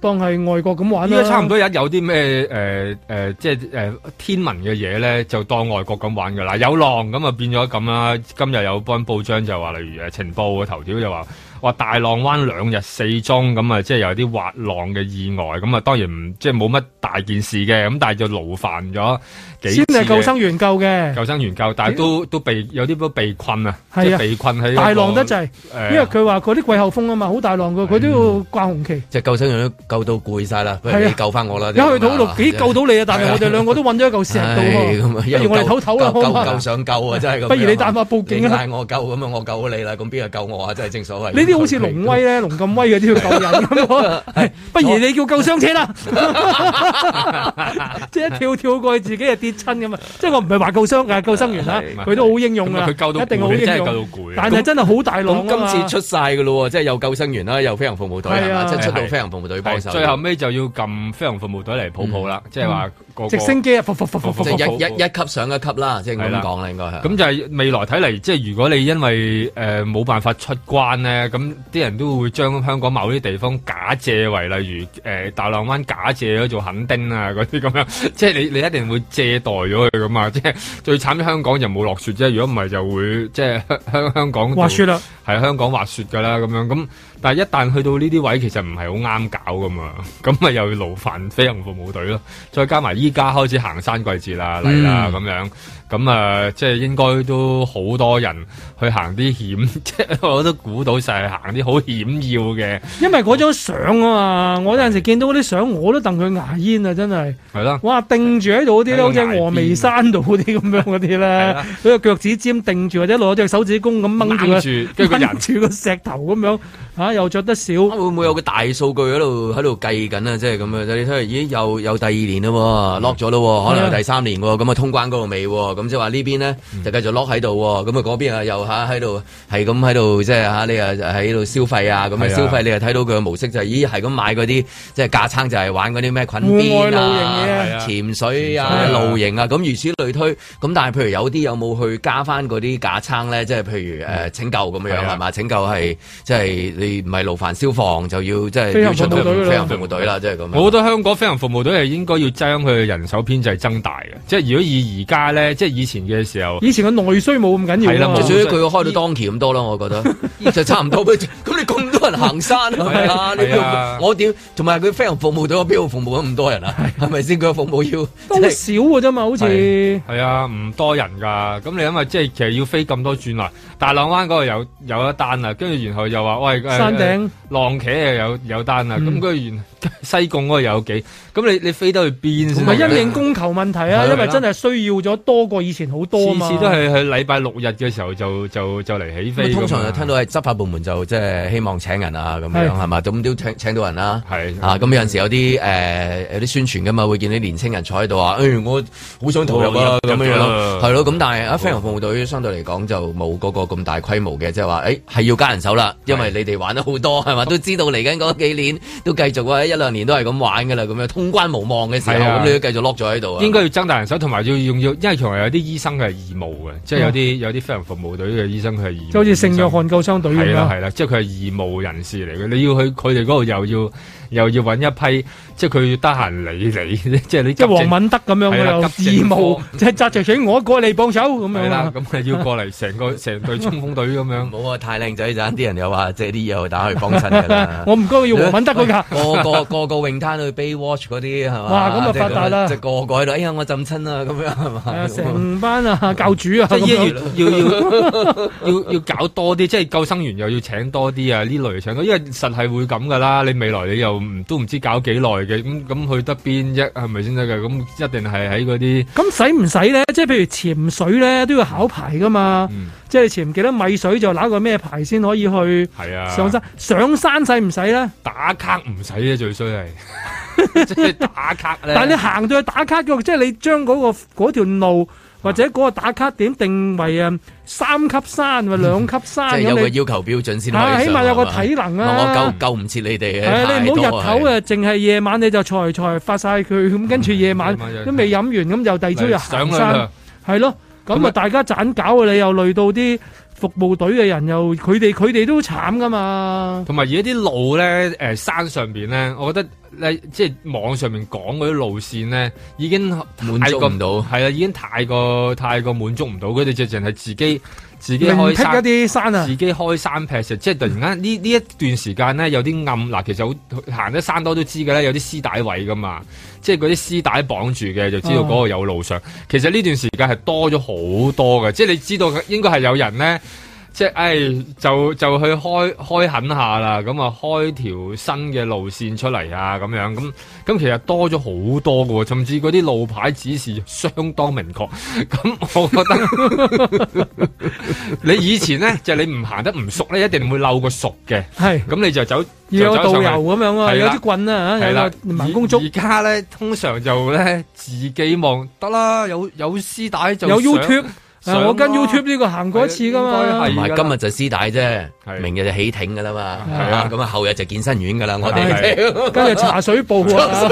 當係外國咁玩啦，依家差唔多有一有啲咩，誒誒，即係誒天文嘅嘢咧，就當外國咁玩嘅啦。有浪咁啊，就變咗咁啦。今日有幫報章就話，例如誒情報嘅頭條就話。話大浪灣兩日四宗咁啊，即係有啲滑浪嘅意外咁啊，當然即係冇乜大件事嘅，咁但係就勞煩咗幾先嘅救生員救嘅，救生員救，但係都都被有啲都被困啊，被困喺大浪得滯，因為佢話嗰啲季候風啊嘛，好大浪嘅，佢都要掛紅旗。即係救生員都救到攰晒啦，你救翻我啦，而家去討論幾救到你啊？但係我哋兩個都揾咗一嚿石到，不如我哋唞唞啦，夠唔夠上救啊？真係，不如你打電話報警啊！我救咁啊，我救到你啦，咁邊個救我啊？真係正所謂。都好似龍威咧，龍咁威嘅啲救人咁，不如你叫救傷車啦，即係一跳跳過去自己就跌親咁啊！即係我唔係話救傷，係救生員啦，佢都好英勇，佢救到一定好英勇，但係真係好大腦。咁今次出晒噶咯，即係又救生員啦，又飛行服務隊即係出到飛行服務隊幫手，最後尾就要撳飛行服務隊嚟抱抱啦，即係話。直升機啊，即係一一一級上一級啦，即係咁講啦，應該係。咁就係未來睇嚟，即係如果你因為誒冇辦法出關咧，咁啲人都會將香港某啲地方假借為，例如誒大浪灣假借咗做墾丁啊，嗰啲咁樣，即係你你一定會借代咗佢噶嘛。即係最慘啲，香港就冇落雪啫。如果唔係，就會即係香香香港滑雪啦，喺香港滑雪噶啦咁樣咁。但係一旦去到呢啲位，其實唔係好啱搞㗎嘛，咁咪又要勞煩飛行服務隊咯，再加埋依家開始行山季節啦，嚟啦，咁樣。咁啊，即係應該都好多人去行啲險，即係我都估到，成日行啲好險要嘅。因為嗰張相啊嘛，我有陣時見到嗰啲相，我都瞪佢牙煙啊！真係係啦，哇，定住喺度嗰啲咧，好似峨眉山度嗰啲咁樣嗰啲咧，嗰個腳趾尖定住或者攞隻手指公咁掹住跟住個人住個石頭咁樣嚇，又着得少。會唔會有個大數據喺度喺度計緊啊？即係咁樣！你睇下，咦，又又第二年啦，落咗啦，可能第三年喎，咁啊，通關嗰度未喎。咁即係話呢邊呢，就繼續 lock 喺度，咁、嗯、啊嗰邊啊又嚇喺度，係咁喺度即係嚇你啊喺度消費啊，咁啊消費你又睇到佢嘅模式就係依係咁買嗰啲即係架撐就係玩嗰啲咩羣邊啊、潛水啊、啊露營啊，咁如此類推。咁但係譬如有啲有冇去加翻嗰啲架撐呢？即係譬如誒拯救咁樣係嘛？拯救係即係你唔係勞煩消防就要即係飛行隊啦，飛、就、行、是、服務隊啦，即係咁。我覺得香港飛行服務隊係吧、就是、應該要將佢嘅人手編制增大嘅，即係如果以而家咧。即係以前嘅時候，以前嘅內需冇咁緊要，係啦，所以佢開到當期咁多咯，我覺得就差唔多。咁你咁多人行山係啊？我點同埋佢飛行服務隊邊度服務咁多人啊？係咪先佢服務要都少嘅啫嘛？好似係啊，唔多人噶。咁你因為即係其實要飛咁多轉嚟，大浪灣嗰度有有一單啊，跟住然後又話喂山頂浪茄又有有單啊，咁居然。西貢嗰個又有幾？咁你你飛得去邊先？唔係因應供求問題啊，因為真係需要咗多過以前好多嘛。次次都係喺禮拜六日嘅時候就就就嚟起飛。通常就聽到係執法部門就即係希望請人啊咁樣係嘛，咁都請請到人啦。係，咁有陣時有啲誒有啲宣傳噶嘛，會見啲年青人坐喺度話：，誒，我好想投入啊咁樣樣係咯。咁但係啊，飛行服務隊相對嚟講就冇嗰個咁大規模嘅，即係話誒係要加人手啦，因為你哋玩得好多係嘛，都知道嚟緊嗰幾年都繼續一兩年都係咁玩㗎啦，咁樣通關無望嘅時候，咁、啊、你都繼續 lock 咗喺度啊。應該要增大人手，同埋要用要，因為從來有啲醫生佢係義務嘅，啊、即係有啲有啲非常服務隊嘅醫生佢係義務。就好似聖約翰救傷隊咁樣。係啦係啦，即係佢係義務人士嚟嘅，你要去佢哋嗰度又要又要揾一批。即係佢要得閒理你，即係你即係黃敏德咁樣嘅咯，字幕即係扎着請我過嚟幫手咁樣。啦，咁你要過嚟成個成隊衝鋒隊咁樣。冇啊，太靚仔咗，啲人又話借啲嘢去打去幫親我唔該要黃敏德嗰架。個個個泳灘去 Baywatch 嗰啲係嘛？哇，咁啊發達啦！就過喺度，哎呀，我浸親啦，咁樣係嘛？成班啊，教主啊，即係一要要要要搞多啲，即係救生員又要請多啲啊，呢類請，因為實係會咁噶啦。你未來你又都唔知搞幾耐。咁咁去得邊啫？係咪先得噶？咁一定係喺嗰啲。咁使唔使咧？即係譬如潛水咧都要考牌噶嘛。嗯、即係潛唔記得米水就攞個咩牌先可以去上山？係啊。上山上山使唔使咧？打卡唔使啫，最衰係。 即係 打卡咧呢，但係你行到去打卡嘅，即、就、係、是、你將嗰、那個條路或者嗰個打卡點定為啊三級山或者兩級山，即係有個要求標準先可、啊、起碼有個體能啊！我夠夠唔切你哋嘅，啊！你唔好多日頭啊，淨係是夜晚你就才才發晒佢，咁跟住夜晚都未飲完，咁就第二朝又行山，係咯，咁啊大家盞搞啊，你又累到啲。服務隊嘅人又佢哋佢哋都慘噶嘛，同埋而家啲路咧山上邊咧，我覺得即係網上面講嗰啲路線咧，已經滿足唔到，係啊，已經太過太過滿足唔到，佢哋就淨係自己自己開劈一啲山啊，自己開山劈石、啊，即係突然間呢呢一段時間咧有啲暗嗱，其實好行得山多都知嘅咧，有啲絲帶位噶嘛，即係嗰啲絲帶綁住嘅就知道嗰個有路上。嗯、其實呢段時間係多咗好多嘅，即係你知道應該係有人咧。即係，誒、哎，就就去開開墾下啦，咁啊，開條新嘅路線出嚟，啊，咁樣，咁咁其實多咗好多喎，甚至嗰啲路牌指示相當明確。咁我覺得， 你以前咧就是、你唔行得唔熟咧，一定會漏個熟嘅。係是，咁你就走，就走有導遊咁樣啊，啦有啲棍啊，啦有民工足。而家咧通常就咧自己望得啦，有有絲帶就 youtube 啊、我跟 YouTube 呢個行過一次噶嘛、啊，唔係、啊、今日就師弟啫，是的 明日就起艇噶啦嘛，係啊，啊，咁啊後日就健身院噶啦，我哋今日茶水部啊，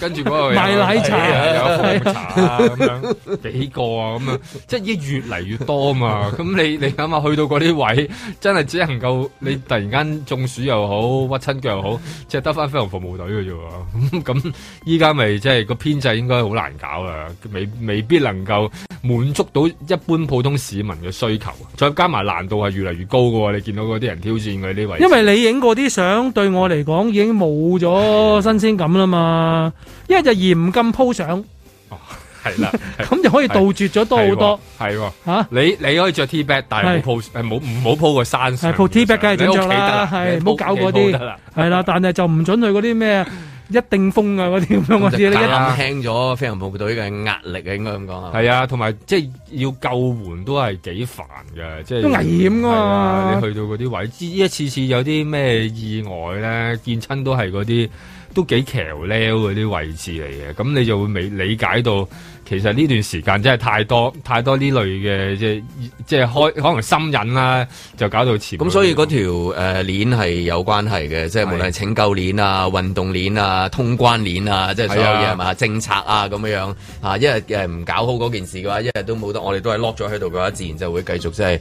跟住嗰個賣奶茶、哎、有紅茶咁的、啊、樣幾個啊，咁樣即係越嚟越多啊嘛。咁你你諗下，去到嗰啲位，真係只能夠你突然間中暑又好，屈親腳又好，即係得翻飛行服務隊嘅啫。咁依家咪即係個編制應該好難搞啦，未未必能夠滿足到一般普通市民嘅需求，再加埋難度係越嚟越高嘅喎，你見到嗰啲人挑戰佢呢位。因為你影嗰啲相對我嚟講已經冇咗新鮮感啦嘛，因為就嚴禁 po 相。哦，係啦，咁 就可以杜絕咗多好多。係喎，係呀係呀啊、你你可以着 T back 但係冇 po，冇唔好 po 個山相。T back 梗係準著啦，係唔好搞嗰啲。係啦、啊，但係就唔準去嗰啲咩。 一定封噶嗰啲咁，我啲一減輕咗飛行部隊嘅壓力啊，應該咁講。係啊，同埋吧即係要救援都係幾煩㗎，即係都危險㗎、啊啊。你去到嗰啲位置，置，一次次有啲咩意外咧，見親都係嗰啲都幾橋 l 嗰啲位置嚟嘅，咁你就會理解到。其實呢段時間真係太多太多呢類嘅即係即係開可能心癮啦、啊，就搞到前咁，所以嗰條誒鏈係有關係嘅，即係無論係拯救鏈啊、運動鏈啊、通關鏈啊，即係所有嘢係嘛政策啊咁樣樣啊，一日誒唔搞好嗰件事嘅話，一日都冇得，我哋都係 lock 咗喺度嘅話，自然就會繼續即係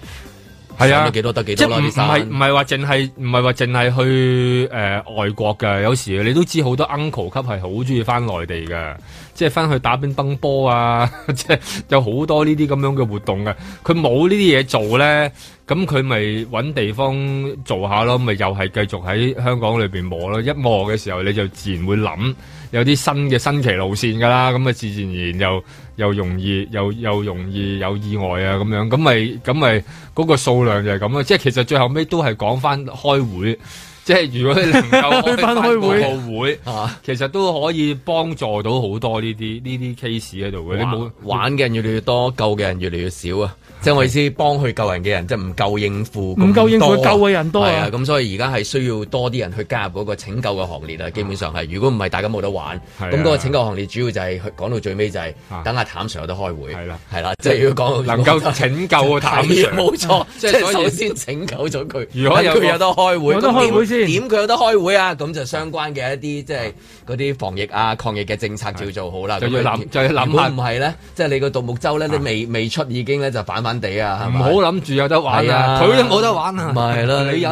係是啊，幾多得幾多咯，啲衫唔係唔係話淨係唔係話淨係去誒、呃、外國嘅，有時你都知好多 uncle 級係好中意翻內地嘅。即係翻去打乒乓波啊！即係有好多呢啲咁樣嘅活動嘅，佢冇呢啲嘢做咧，咁佢咪揾地方做下咯，咁咪又係繼續喺香港裏邊磨咯。一磨嘅時候，你就自然會諗有啲新嘅新奇路線噶啦，咁啊自然然又又容易又又容易有意外啊咁樣，咁咪咁咪嗰個數量就係咁咯。即係其實最後尾都係講翻開會。即係如果你能夠開班會會，啊，其實都可以幫助到好多呢啲呢啲 case 喺度嘅。哇你冇玩嘅人越嚟越多，救嘅人越嚟越少啊！即係意思幫佢救人嘅人，即係唔夠應付，唔夠應付救嘅人多啊！咁所以而家係需要多啲人去加入嗰個拯救嘅行列啊！基本上係，如果唔係大家冇得玩，咁嗰個拯救行列主要就係講到最尾就係等阿譚 Sir 有得開會，係啦，係啦，即係要講能夠拯救譚 Sir。冇錯，即係首先拯救咗佢，如果佢有得開會，有得開會先點？佢有得開會啊？咁就相關嘅一啲即係嗰啲防疫啊、抗疫嘅政策就要做好啦。就要諗，就要諗下，唔係咧，即係你個獨木舟咧，你未未出已經咧就反反。地啊，唔好諗住有得玩啊，佢都冇得玩啊，唔係咯，你你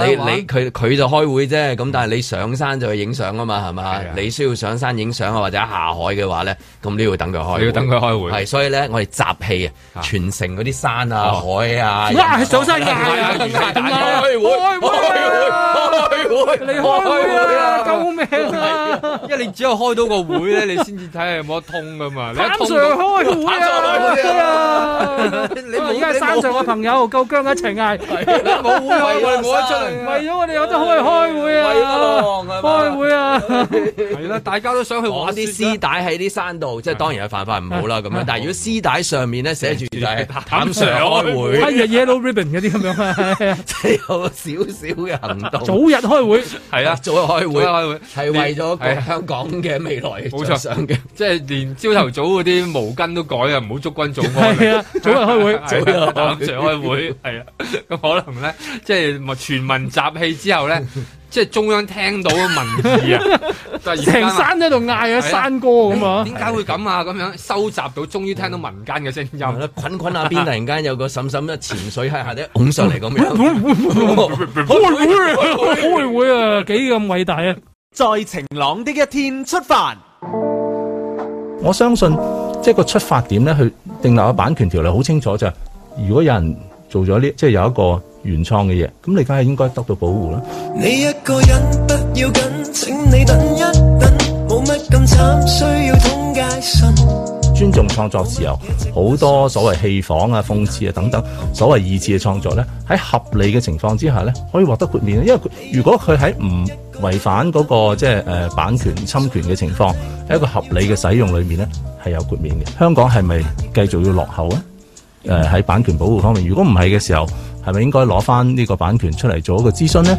佢佢就開會啫，咁但係你上山就去影相啊嘛，係嘛，你需要上山影相啊，或者下海嘅話咧，咁你要等佢開，你要等佢開會，係所以咧，我哋集氣啊，全城嗰啲山啊、海啊，嗌，上山嗌啊，開會開會開會開會開會啊，救命啊！因為你只有開到個會咧，你先至睇下有冇得通㗎嘛，你坦上開會啊，你唔好。山上嘅朋友夠姜嘅情係，冇啊！為咗我哋冇得出嚟，為咗我哋有得開開會啊！開會啊！係啦，大家都想去玩啲絲帶喺啲山度，即係當然係犯法唔好啦咁樣。但係如果絲帶上面咧寫住就係坦誠開會，係啊 Yellow Ribbon 嗰啲咁樣即係有少少嘅行動。早日開會係啊！早日開會係為咗香港嘅未來，冇錯，即係連朝頭早嗰啲毛巾都改啊！唔好祝君早安啊！早日開會。黨聚開會係啊，咁可能咧，即係文全民集氣之後咧，即係中央聽到嘅文字啊，成山喺度嗌啊，山歌咁啊，點解會咁啊？咁樣收集到，終於聽到民間嘅聲音，群群阿邊突然間有個嬸嬸嘅潛水喺下底拱上嚟咁樣，開會啊，幾咁偉大啊！在晴朗的一天出發，我相信即係個出發點咧，去定立個版權條例好清楚就。如果有人做咗呢，即係有一個原創嘅嘢，咁你梗係應該得到保護啦。你一個人不要緊，請你等一等，冇乜咁慘，需要通介信尊重創作自由。好多所謂戲仿啊、諷刺啊等等，所謂二次嘅創作咧，喺合理嘅情況之下咧，可以獲得豁免。因為佢如果佢喺唔違反嗰個即係誒版權侵權嘅情況，喺一個合理嘅使用裏面咧，係有豁免嘅。香港係咪繼續要落後咧？誒喺、呃、版權保護方面，如果唔係嘅時候，係咪應該攞翻呢個版權出嚟做一個諮詢呢？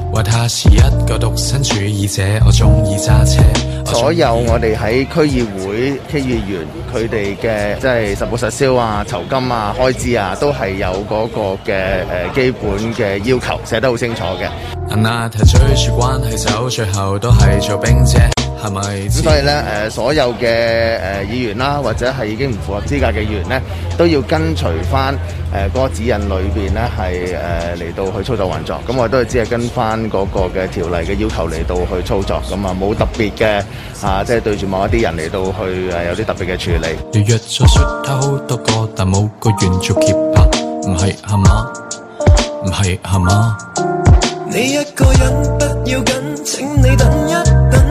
所有我哋喺區議會、區議員佢哋嘅即係實報實銷啊、酬金啊、開支啊，都係有嗰個嘅、呃、基本嘅要求，寫得好清楚嘅。係咪？咁所以咧，誒所有嘅誒議員啦，或者係已經唔符合資格嘅議員咧，都要跟隨翻誒嗰個指引裏邊咧，係誒嚟到去操作運作。咁我哋都係只係跟翻嗰個嘅條例嘅要求嚟到去操作，咁啊冇特別嘅啊，即係對住某一啲人嚟到去誒有啲特別嘅處理。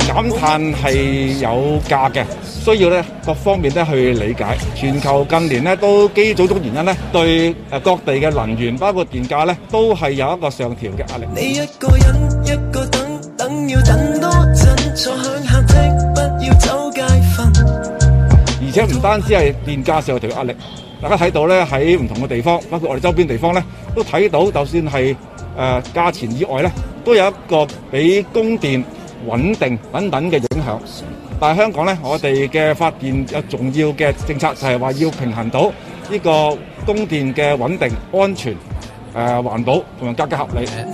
減碳係有價嘅，需要咧各方面咧去理解。全球近年咧都基於種種原因咧，對誒各地嘅能源包括電價咧，都係有一個上調嘅壓力。你一個人一個等，等要等多陣，坐響客廳不要走街。而且唔單止係電價上調嘅壓力，大家睇到咧喺唔同嘅地方，包括我哋周邊的地方咧，都睇到就算係誒、呃、價錢以外咧，都有一個俾供電。穩定等等嘅影響，但係香港咧，我哋嘅發電有重要嘅政策就係話要平衡到呢個供電嘅穩定、安全、誒環保同埋價格合理。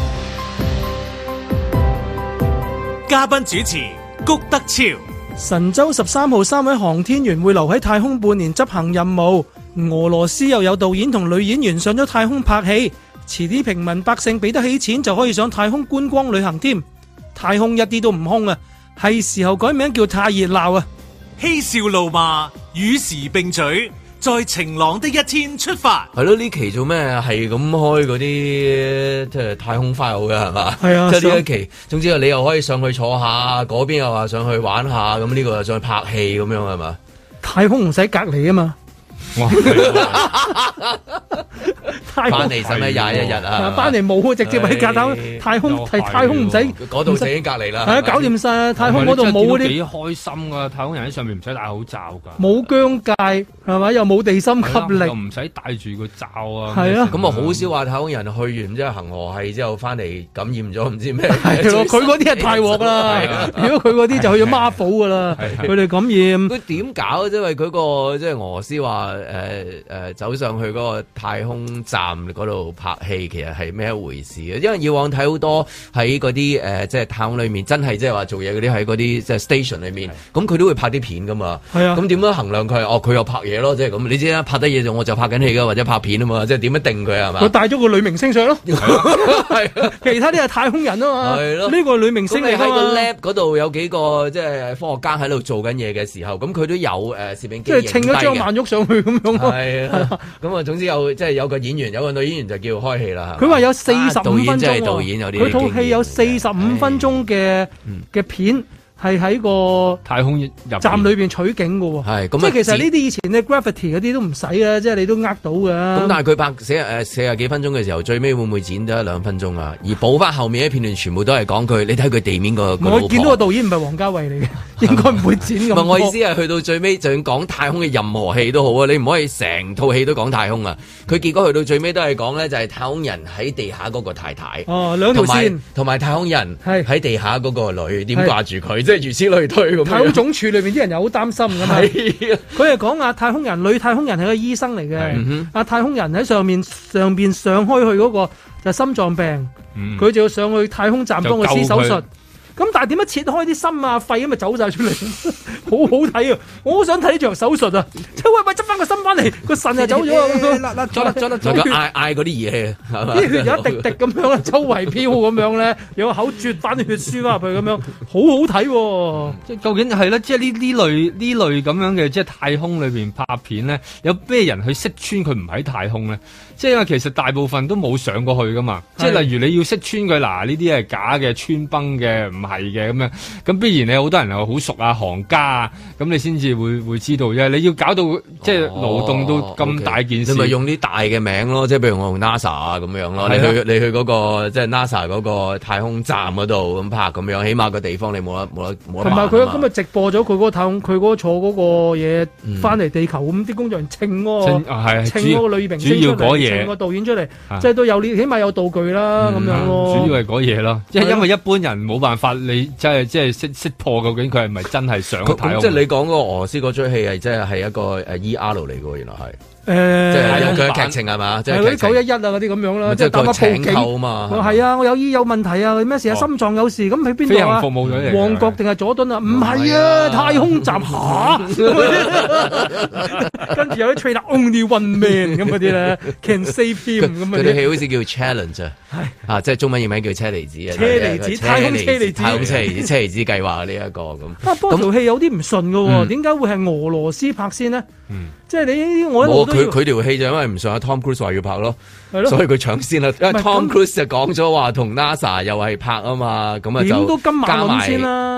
嘉賓主持谷德昭神舟十三號三位航天員會留喺太空半年執行任務。俄羅斯又有導演同女演員上咗太空拍戲。遲啲平民百姓俾得起錢就可以上太空觀光旅行添。太空一啲都唔空啊！係時候改名叫太熱鬧啊！嬉笑怒罵與時並舉。在晴朗的一天出發，係咯，呢期做咩？係咁開嗰啲即係太空快勞㗎係嘛？係啊，即係呢一期，總之啊，你又可以上去坐下，嗰邊又話上去玩下，咁呢個又再拍戲咁樣係嘛？太空唔使隔離啊嘛。我翻嚟使咩廿一日啊？翻嚟冇啊，直接喺架頭。太空太空唔使嗰度死使隔離啦。係啊，搞掂晒！啊！太空嗰度冇嗰啲幾開心啊！太空人喺上面唔使戴口罩噶，冇疆界係咪？又冇地心吸力，唔使戴住個罩啊。係啊！咁啊好少話太空人去完即係恒河系之後翻嚟感染咗唔知咩。係咯，佢嗰啲係太惡啦。如果佢嗰啲就去咗孖寶噶啦，佢哋感染佢點搞？即為佢個即係俄斯話。誒誒、呃呃、走上去嗰個太空站嗰度拍戲，其實係咩一回事？因為以往睇好多喺嗰啲誒，即係太空裏面真係即係話做嘢嗰啲，喺嗰啲即係 station 裏面，咁佢的都會拍啲片噶嘛。係啊的，咁點樣衡量佢？哦，佢又拍嘢咯，即係咁。你知啦，拍得嘢就我就拍緊戲噶，或者拍片啊嘛，即係點樣定佢係嘛？佢帶咗個女明星上咯， 其他啲係太空人啊嘛，係咯的。呢個女明星喺 lab 嗰度有幾個即係科學家喺度做緊嘢嘅時候，咁佢都有誒攝影機即係撐咗張板喐上去。咁樣係咁啊，總之有即係、就是、有個演員，有個女演員就叫開戲啦。佢話有四十五分鐘、啊，即係導，導演有啲，佢套戲有四十五分鐘嘅嘅片係喺個太空入站裏邊取景噶，係，即係其實呢啲以前咧 Gravity 嗰啲都唔使嘅，即係你都呃到噶。咁但係佢拍四誒四十幾分鐘嘅時候，最尾會唔會剪得一兩分鐘啊？而補翻後面嘅片段全部都係講佢，你睇佢地面個。我見到個導演唔係王家衛嚟嘅。應該唔會剪㗎。唔係，我意思係去到最尾，就算講太空嘅任何戲都好啊，你唔可以成套戲都講太空啊。佢結果去到最尾都係講咧，就係太空人喺地下嗰個太太。哦，兩條線，同埋太空人喺地下嗰個女點的掛住佢，即係的如此類推咁。太空總署裏面啲人又好擔心㗎嘛。佢係講啊，太空人女太空人係個醫生嚟嘅，啊、嗯、太空人喺上,上面上邊上開去嗰個就係心臟病，佢、嗯、就要上去太空站幫佢施手術。咁但係點樣切開啲心啊肺咁啊走晒出嚟，好好睇啊！我好想睇呢場手術啊！即係喂喂，執翻個心翻嚟，個腎就走咗啊欸欸欸欸欸！拉拉再，捽捽捽捽捽捽，嗌嗌嗰啲嘢啊！啲血，血有一滴滴咁 樣咧，周圍飄咁樣咧，用口啜翻啲血輸翻入去咁樣，好好睇喎！即係究竟係啦，即係呢呢類呢類咁樣嘅，即係太空裏邊拍片咧，有咩人去識穿佢唔喺太空咧？即係因為其實大部分都冇上過去噶嘛，即係是例如你要識穿佢，嗱呢啲係假嘅、穿崩嘅、唔係嘅咁樣，咁必然你好多人係好熟啊、行家啊，咁你先至會會知道啫。你要搞到即係勞動都咁大件事，哦 okay. 你咪用啲大嘅名咯，即係譬如我用 NASA 啊咁樣咯。的你去你去嗰、那個即係、就是、NASA 嗰個太空站嗰度咁拍咁樣，起碼個地方你冇得冇得冇。同埋佢今日直播咗佢個個太空，佢嗰個坐嗰個嘢翻嚟地球咁啲工作人稱嗰稱嘢。兩個導演出嚟，即係都有啲，起碼有道具啦咁，嗯、樣咯。主要係嗰嘢咯，即係吧因為一般人冇辦法，你即係即係識識破究竟佢係咪真係上咗太空？即係你講嗰個俄羅斯嗰出戲係，即係係一個誒 E R 嚟嘅，原來係。誒，即係有佢劇情係嘛，即係嗰啲九一一啊嗰啲咁樣啦，即係搭個布景啊嘛。我係啊，我有醫有問題啊，咩事啊？心臟有事咁喺邊度服啊？旺角定係佐敦啊？唔係啊，太空站下。跟住有啲 trade only one man 咁嗰啲啦，can save him 咁嗰啲戲，好似叫 challenge。啊，即係中文譯名叫車厘子啊，太空車厘子。太空車厘子計劃呢一個咁。不過條戲有啲唔順嘅喎，點解會係俄羅斯拍先呢？即係你我。佢佢條戲就因為唔想阿 Tom Cruise 話要拍咯，了所以佢搶先啦。因為 Tom 是 Cruise 就講咗話同 NASA 又係拍啊、呃、嘛，咁啊就加埋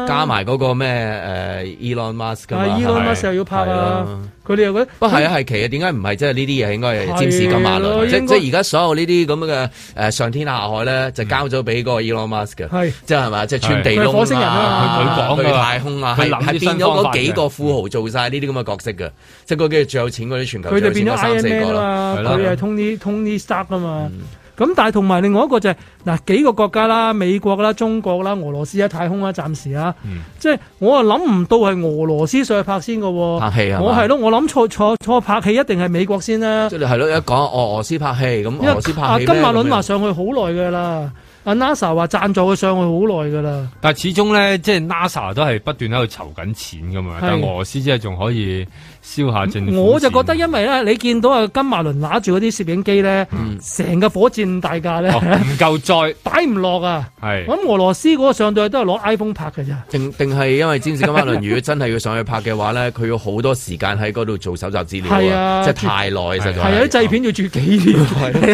加埋嗰個咩誒，Elon Musk 啊，Elon Musk 又要拍啊。佢哋又覺得，不係啊，係奇啊，點解唔係即係呢啲嘢應該係占士金馬倫？即即而家所有呢啲咁嘅誒上天下海咧，就交咗俾嗰個 Elon Musk 噶，即係係嘛，即係穿地窿火星人佢啊，去太空啊，係諗住變咗嗰幾個富豪做晒呢啲咁嘅角色㗎，即係嗰啲最有錢嗰啲全球。佢哋變咗三、四個啦，佢係 Tony Tony Stark 啊嘛。咁但係同埋另外一個就係、是、嗱幾個國家啦，美國啦、中國啦、俄羅斯咧太空啦，暫時啊，嗯、即係我啊諗唔到係俄羅斯上去拍先㗎喎、喔，拍戲啊，我係咯，我諗錯錯錯拍戲一定係美國先啦，即係係咯一講俄羅斯拍戲咁，俄羅斯拍阿金馬倫話上去好耐㗎啦，阿 NASA 話贊助佢上去好耐㗎啦，但係始終咧即係、就是、NASA 都係不斷喺度籌緊錢㗎嘛，是但俄羅斯即係仲可以。燒下戰，我就覺得因為咧，你見到阿金馬倫拿住嗰啲攝影機咧，成個火箭大架咧，唔夠載，擺唔落啊！係咁俄羅斯嗰個上到去都係攞 iPhone 拍㗎啫。定定係因為詹士金馬倫如果真係要上去拍嘅話咧，佢要好多時間喺嗰度做蒐集資料啊，即係太耐，實在係啊！啲製片要住幾年，係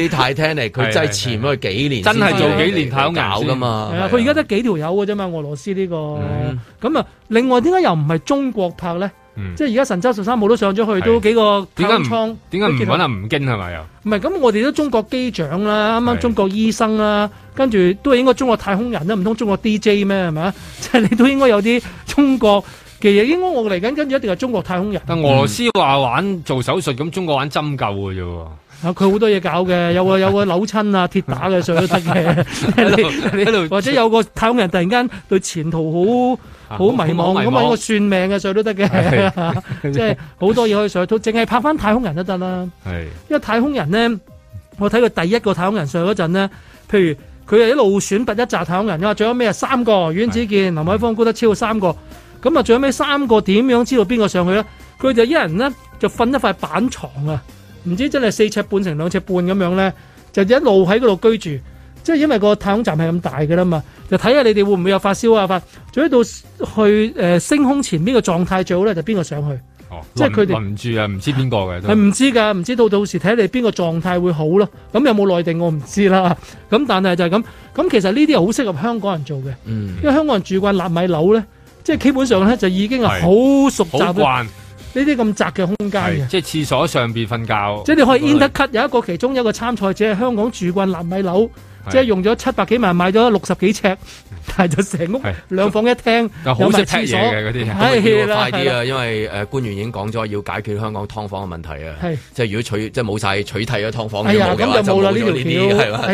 一套係太力，佢潛咗去幾年，真係做幾年太咬噶嘛。係啊，佢而家得幾條友嘅啫嘛。俄羅斯呢個咁啊，另外點解又唔係中國拍咧？嗯，即係而家神舟十三號都上咗去，都幾個點解唔倉？點解唔可能唔驚係咪？又？唔係咁，我哋都中國機長啦，啱啱中國醫生啦，是的 跟住都係應該中國太空人啦，唔通中國 DJ 咩係嘛？即係你都應該有啲中國嘅嘢，應該我嚟緊跟住一定係中國太空人。就是、空人但俄羅斯話玩做手術，咁中國玩針灸嘅啫。佢好、啊、多嘢搞嘅，有個有個扭親啊、 鐵打嘅上都得嘅，或者有個太空人突然間對前途好 好,好迷茫咁啊，一個算命嘅上都得嘅，即係好多嘢可以上。都淨係拍翻太空人都得啦。係，是的 因為太空人呢，我睇佢第一個太空人上去嗰陣呢，譬如佢係一路選拔一紮太空人，仲啊，最後三個，阮子健、是的 林海峰、高德超三個，咁啊，最尾三個點樣知道邊個上去咧？佢就一人呢，就瞓一塊板床。啊！唔知真係四尺半乘兩尺半咁樣咧，就一路喺嗰度居住，即係因為個太空站係咁大㗎啦嘛，就睇下你哋會唔會有發燒啊發，仲到去、呃、升空前邊個狀態最好咧，就邊個上去？哦，即係佢哋唔住啊，唔知邊個嘅。係唔知㗎，唔知道到時睇下你邊個狀態會好咯。咁有冇內定我唔知啦。咁但係就係咁。咁其實呢啲又好適合香港人做嘅，嗯、因為香港人住慣納米樓咧，即係基本上咧就已經係好熟習。好慣。呢啲咁窄嘅空間嘅，即係廁所上面瞓覺。即係你可以 in 得 cut，有一個其中一個參賽者係是香港住慣納米樓。即係用咗七百幾萬買咗六十幾尺，大咗成屋兩房一廳，有埋廁所嘅嗰啲，係快啲啊！因為誒官員已經講咗要解決香港劏房嘅問題啊，即係如果取即係冇晒取替咗劏房嘅話，就冇咗呢啲係嘛，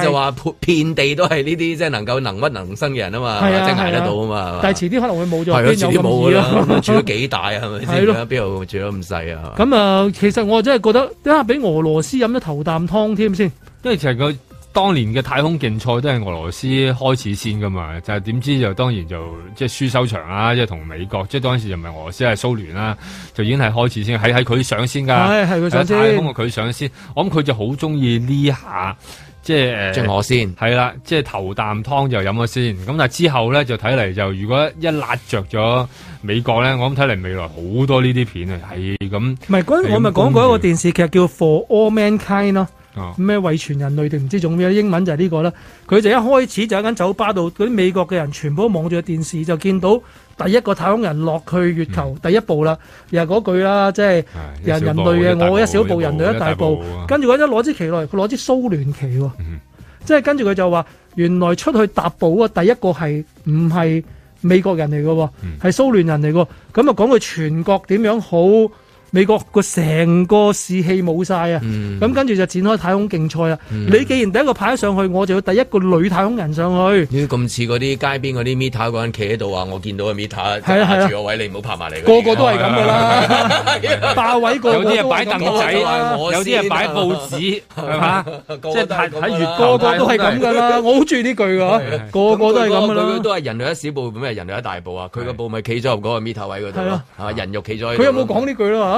你就話遍地都係呢啲即係能夠能屈能伸嘅人啊嘛，即係捱得到啊嘛。但係遲啲可能會冇咗，係啊，遲啲冇噶，住咗幾大啊，係咪先？邊度住得咁細啊？咁啊，其實我真係覺得，啱啱俾俄羅斯飲咗頭啖湯添先，因為成個。當年嘅太空競賽都係俄羅斯開始先噶嘛，就係點知就當然就即係輸收場啦、啊，即係同美國，即係當時就唔係俄羅斯係蘇聯啦，就已經係開始先，係係佢上先噶，係係佢上先，太空佢上，想上先，我諗佢就好中意呢下，即係即我先，係啦，即係頭啖湯就飲咗先，咁但係之後咧就睇嚟就如果一辣着咗美國咧，我諗睇嚟未來好多呢啲片啊係咁，唔係嗰陣我咪講過一個電視劇叫 For All Mankind 咯、哦。咩遺傳人類定唔知做咩英文就係呢、這個啦？佢就一開始就喺間酒吧度，嗰啲美國嘅人全部都望住個電視，就見到第一個太空人落去月球、嗯、第一步啦。又係嗰句啦，即、就、係、是、人人類嘅我一小步，人類一大步。跟住嗰陣攞支旗落嚟，佢攞支蘇聯旗喎，即係跟住佢就話原來出去踏步嘅第一個係唔係美國人嚟喎，係、嗯、蘇聯人嚟喎。咁啊講佢全國點樣好？美國個成個士氣冇晒啊，咁跟住就展開太空競賽啊。你既然第一個排咗上去，我就要第一個女太空人上去。咁似嗰啲街邊嗰啲 Mita 嗰陣企喺度啊，我見到個 Mita，係啊係啊，住個位你唔好拍埋嚟。個個都係咁噶啦，霸位個個。有啲人擺凳仔，有啲人擺報紙，係嘛？即係睇住個個都係咁噶啦。我好中意呢句噶，個個都係咁噶啦。都係人類一小步，咩人類一大步啊？佢個步咪企咗入嗰個 Mita 位嗰度咯，人肉企咗。佢有冇講呢句咯？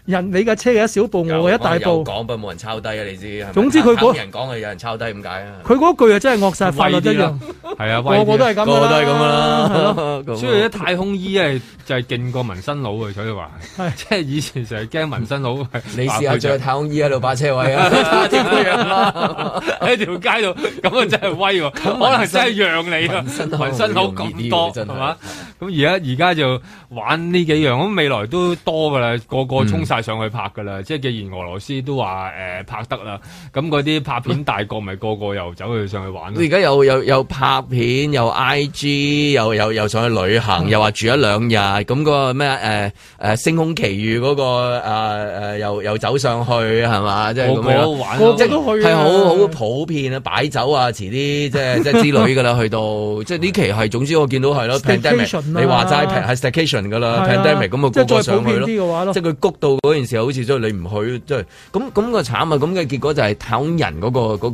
人你嘅車嘅一小部，我嘅一大部。有講冇人抄低啊？你知。總之佢嗰人講係有人抄低，咁解啊？佢嗰句啊真係惡晒，法律一樣。係啊，威！個個都係咁啦。所以太空衣係就係勁過紋身佬啊，所以話即係以前成日驚紋身佬，你事後着太空衣喺度霸車位啊？呢樣喺條街度咁啊真係威，可能真係讓你啊！紋身佬咁多，係嘛？咁而家而家就玩呢幾樣，咁未來都多噶啦，個個充。上去拍噶啦，即係既然俄羅斯都話誒拍得啦，咁嗰啲拍片大國咪個個又走去上去玩。佢而家又又又拍片，又 I G，又又又上去旅行，又話住一兩日，咁個咩誒誒星空奇遇嗰個誒誒又又走上去係嘛？即係咁樣玩，係好好普遍啊！擺酒啊，遲啲即係即係之類噶啦，去到即係呢期係，總之我見到係咯。Pandemic 你話齋係 staycation 噶啦，pandemic 咁啊個個上去咯，即係再普遍啲嘅話囉，即係佢谷到。嗰件事好似即係你唔去，即係咁咁個慘啊！咁、那、嘅、個、結果就係抌人嗰、那個嗰、那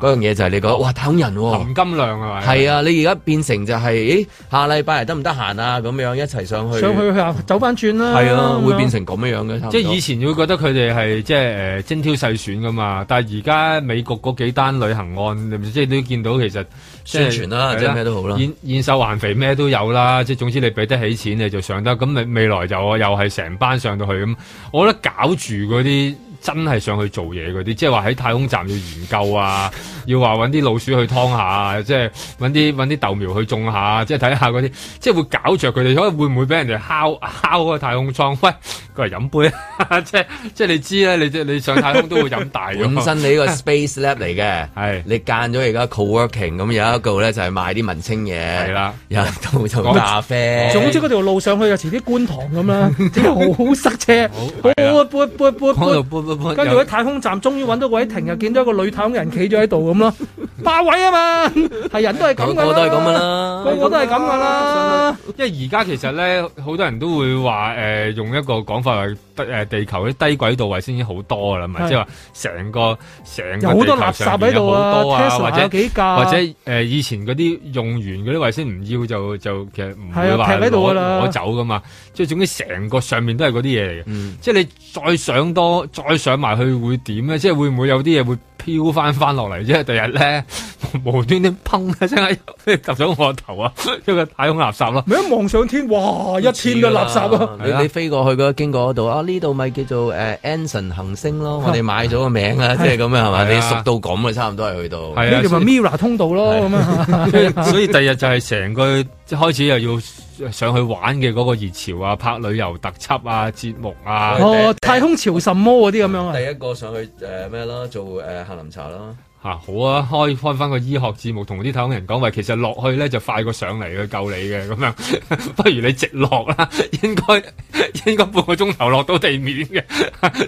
個嗰樣嘢就係你覺得哇抌人含、啊、金量係、啊、咪？係啊，你而家變成就係、是，誒、欸、下禮拜嚟得唔得閒啊？咁樣一齊上去，上去啊走翻轉啦！係啊，啊樣會變成咁樣樣嘅，即係以前會覺得佢哋係即係誒精挑細選噶嘛，但係而家美國嗰幾單旅行案，即係你都見到其實。宣傳啦，即係咩都好啦，燕燕瘦環肥咩都有啦，即係總之你俾得起錢，你就上得，咁未未來就我又係成班上到去咁，我覺得搞住嗰啲。真係想去做嘢嗰啲，即係話喺太空站要研究啊，要話揾啲老鼠去劏下，即係揾啲啲豆苗去種下，即係睇下嗰啲，即係會搞着佢哋，所以會唔會俾人哋敲敲個太空艙？喂，過嚟飲杯啊！即係即係你知呢，你即你上太空都會飲大， 本身你呢個 Space Lab 嚟嘅。係 的，你間咗而家 co-working 咁有一個咧就係賣啲文青嘢係啦，的有一個咖啡。麼總之嗰條路上去就似啲觀塘咁啦， 好塞車，好杯杯。跟住喺太空站，終於揾到嗰停，又見到一個女太空人企咗喺度咁咯，霸位啊嘛，係人都係咁都噶啦，個個都係咁噶啦。因為而家其實咧，好多人都會話誒、呃、用一個講法話誒、呃呃、地球啲、呃、低軌度衛星已經好多噶啦，咪即係話成個成有好多垃圾喺度啊，有多或者有幾架，或者誒、呃、以前嗰啲用完嗰啲衛星唔要就就其實唔會話攞攞走噶嘛。即係總之成個上面都係嗰啲嘢嚟嘅，即係、嗯、你再上多再。上埋去會點咧？即係會唔會有啲嘢會飄翻翻落嚟？即係第日咧無端端砰一聲，又揼咗我頭啊！因為太空垃圾囉！你一望上天，哇，啊、一千個垃圾你啊！你你飛過去嗰，經過嗰度啊，呢度咪叫做誒、uh, Anson 恒星咯，我哋買咗個名 啊，即係咁樣，係嘛？你熟到咁啊，差唔多係去到。你叫咪 Mira 通道咯咁啊！所以， 所以，所以第日就係成個開始又要。上去玩嘅嗰個熱潮啊，拍旅遊特輯啊，節目啊，哦，太空潮什麼嗰啲咁樣啊，第一個上去誒咩啦，做誒客、呃、林茶啦。吓、啊、好啊，開開翻個醫學節目，同啲太空人講，喂，其實落去咧就快過上嚟去救你嘅，咁樣不如你直落啦，應該應該半個鐘頭落到地面嘅，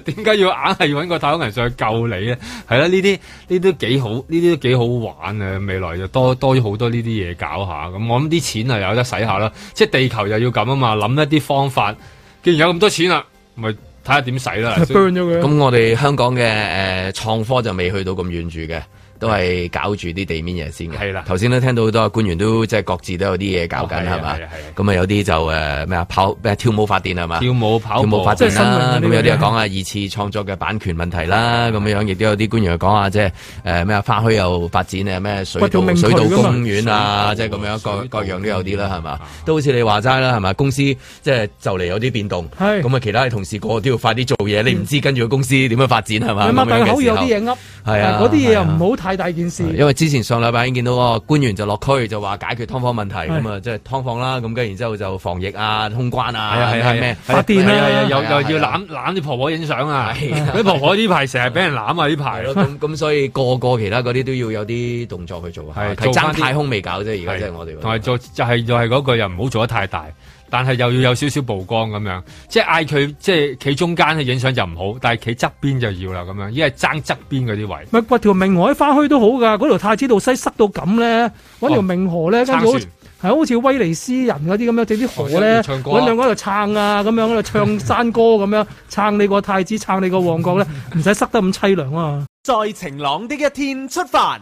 點解要硬係要揾個太空人上去救你咧？係啦、啊，呢啲呢啲都幾好，呢啲都幾好玩啊！未來就多多咗好多呢啲嘢搞下，咁我諗啲錢啊有得使下啦，即係地球又要咁啊嘛，諗一啲方法，既然有咁多錢啦、啊，咪～睇下點使啦，咁我哋香港嘅誒、呃、創科就未去到咁遠住嘅。都係搞住啲地面嘢先嘅，係啦。頭先都聽到好多官員都即係各自都有啲嘢搞緊係嘛，咁啊有啲就誒咩啊跑咩跳舞發電係嘛，跳舞跑步即係新嘅咁，有啲講下二次創作嘅版權問題啦，咁樣亦都有啲官員又講啊即係誒咩啊花墟又發展啊咩水道水道公園啊，即係咁樣各各樣都有啲啦係嘛，都好似你話齋啦係嘛，公司即係就嚟有啲變動，咁啊其他同事個個都要快啲做嘢，你唔知跟住個公司點樣發展係嘛？你擘大口有啲嘢噏係啊，嗰啲嘢又唔好睇。大件事，因為之前上禮拜已經見到個官員就落區就話解決劏房問題，咁啊即係劏房啦，咁跟然之後就防疫啊、通關啊，係係咩？發癲啦，又又要攬攬啲婆婆影相啊，啲婆婆呢排成日俾人攬啊呢排咯，咁咁所以個個其他嗰啲都要有啲動作去做啊，係爭太空未搞啫，而家即係我哋，同係做就係係嗰句又唔好做得太大。但係又要有少少曝光咁樣，即係嗌佢即係企中間嘅影相就唔好，但係企側邊就要啦咁樣，因為爭側邊嗰啲位。咪掘條明河花墟都好㗎，嗰條太子道西塞到咁咧，揾條明河咧，哦、跟住係好似船威尼斯人嗰啲咁樣整啲河咧，揾、哦、兩個喺度撐啊咁樣喺度唱山歌咁樣 撐，撐你個太子撐你個旺角咧，唔使塞得咁凄涼啊！在晴朗的一天出發。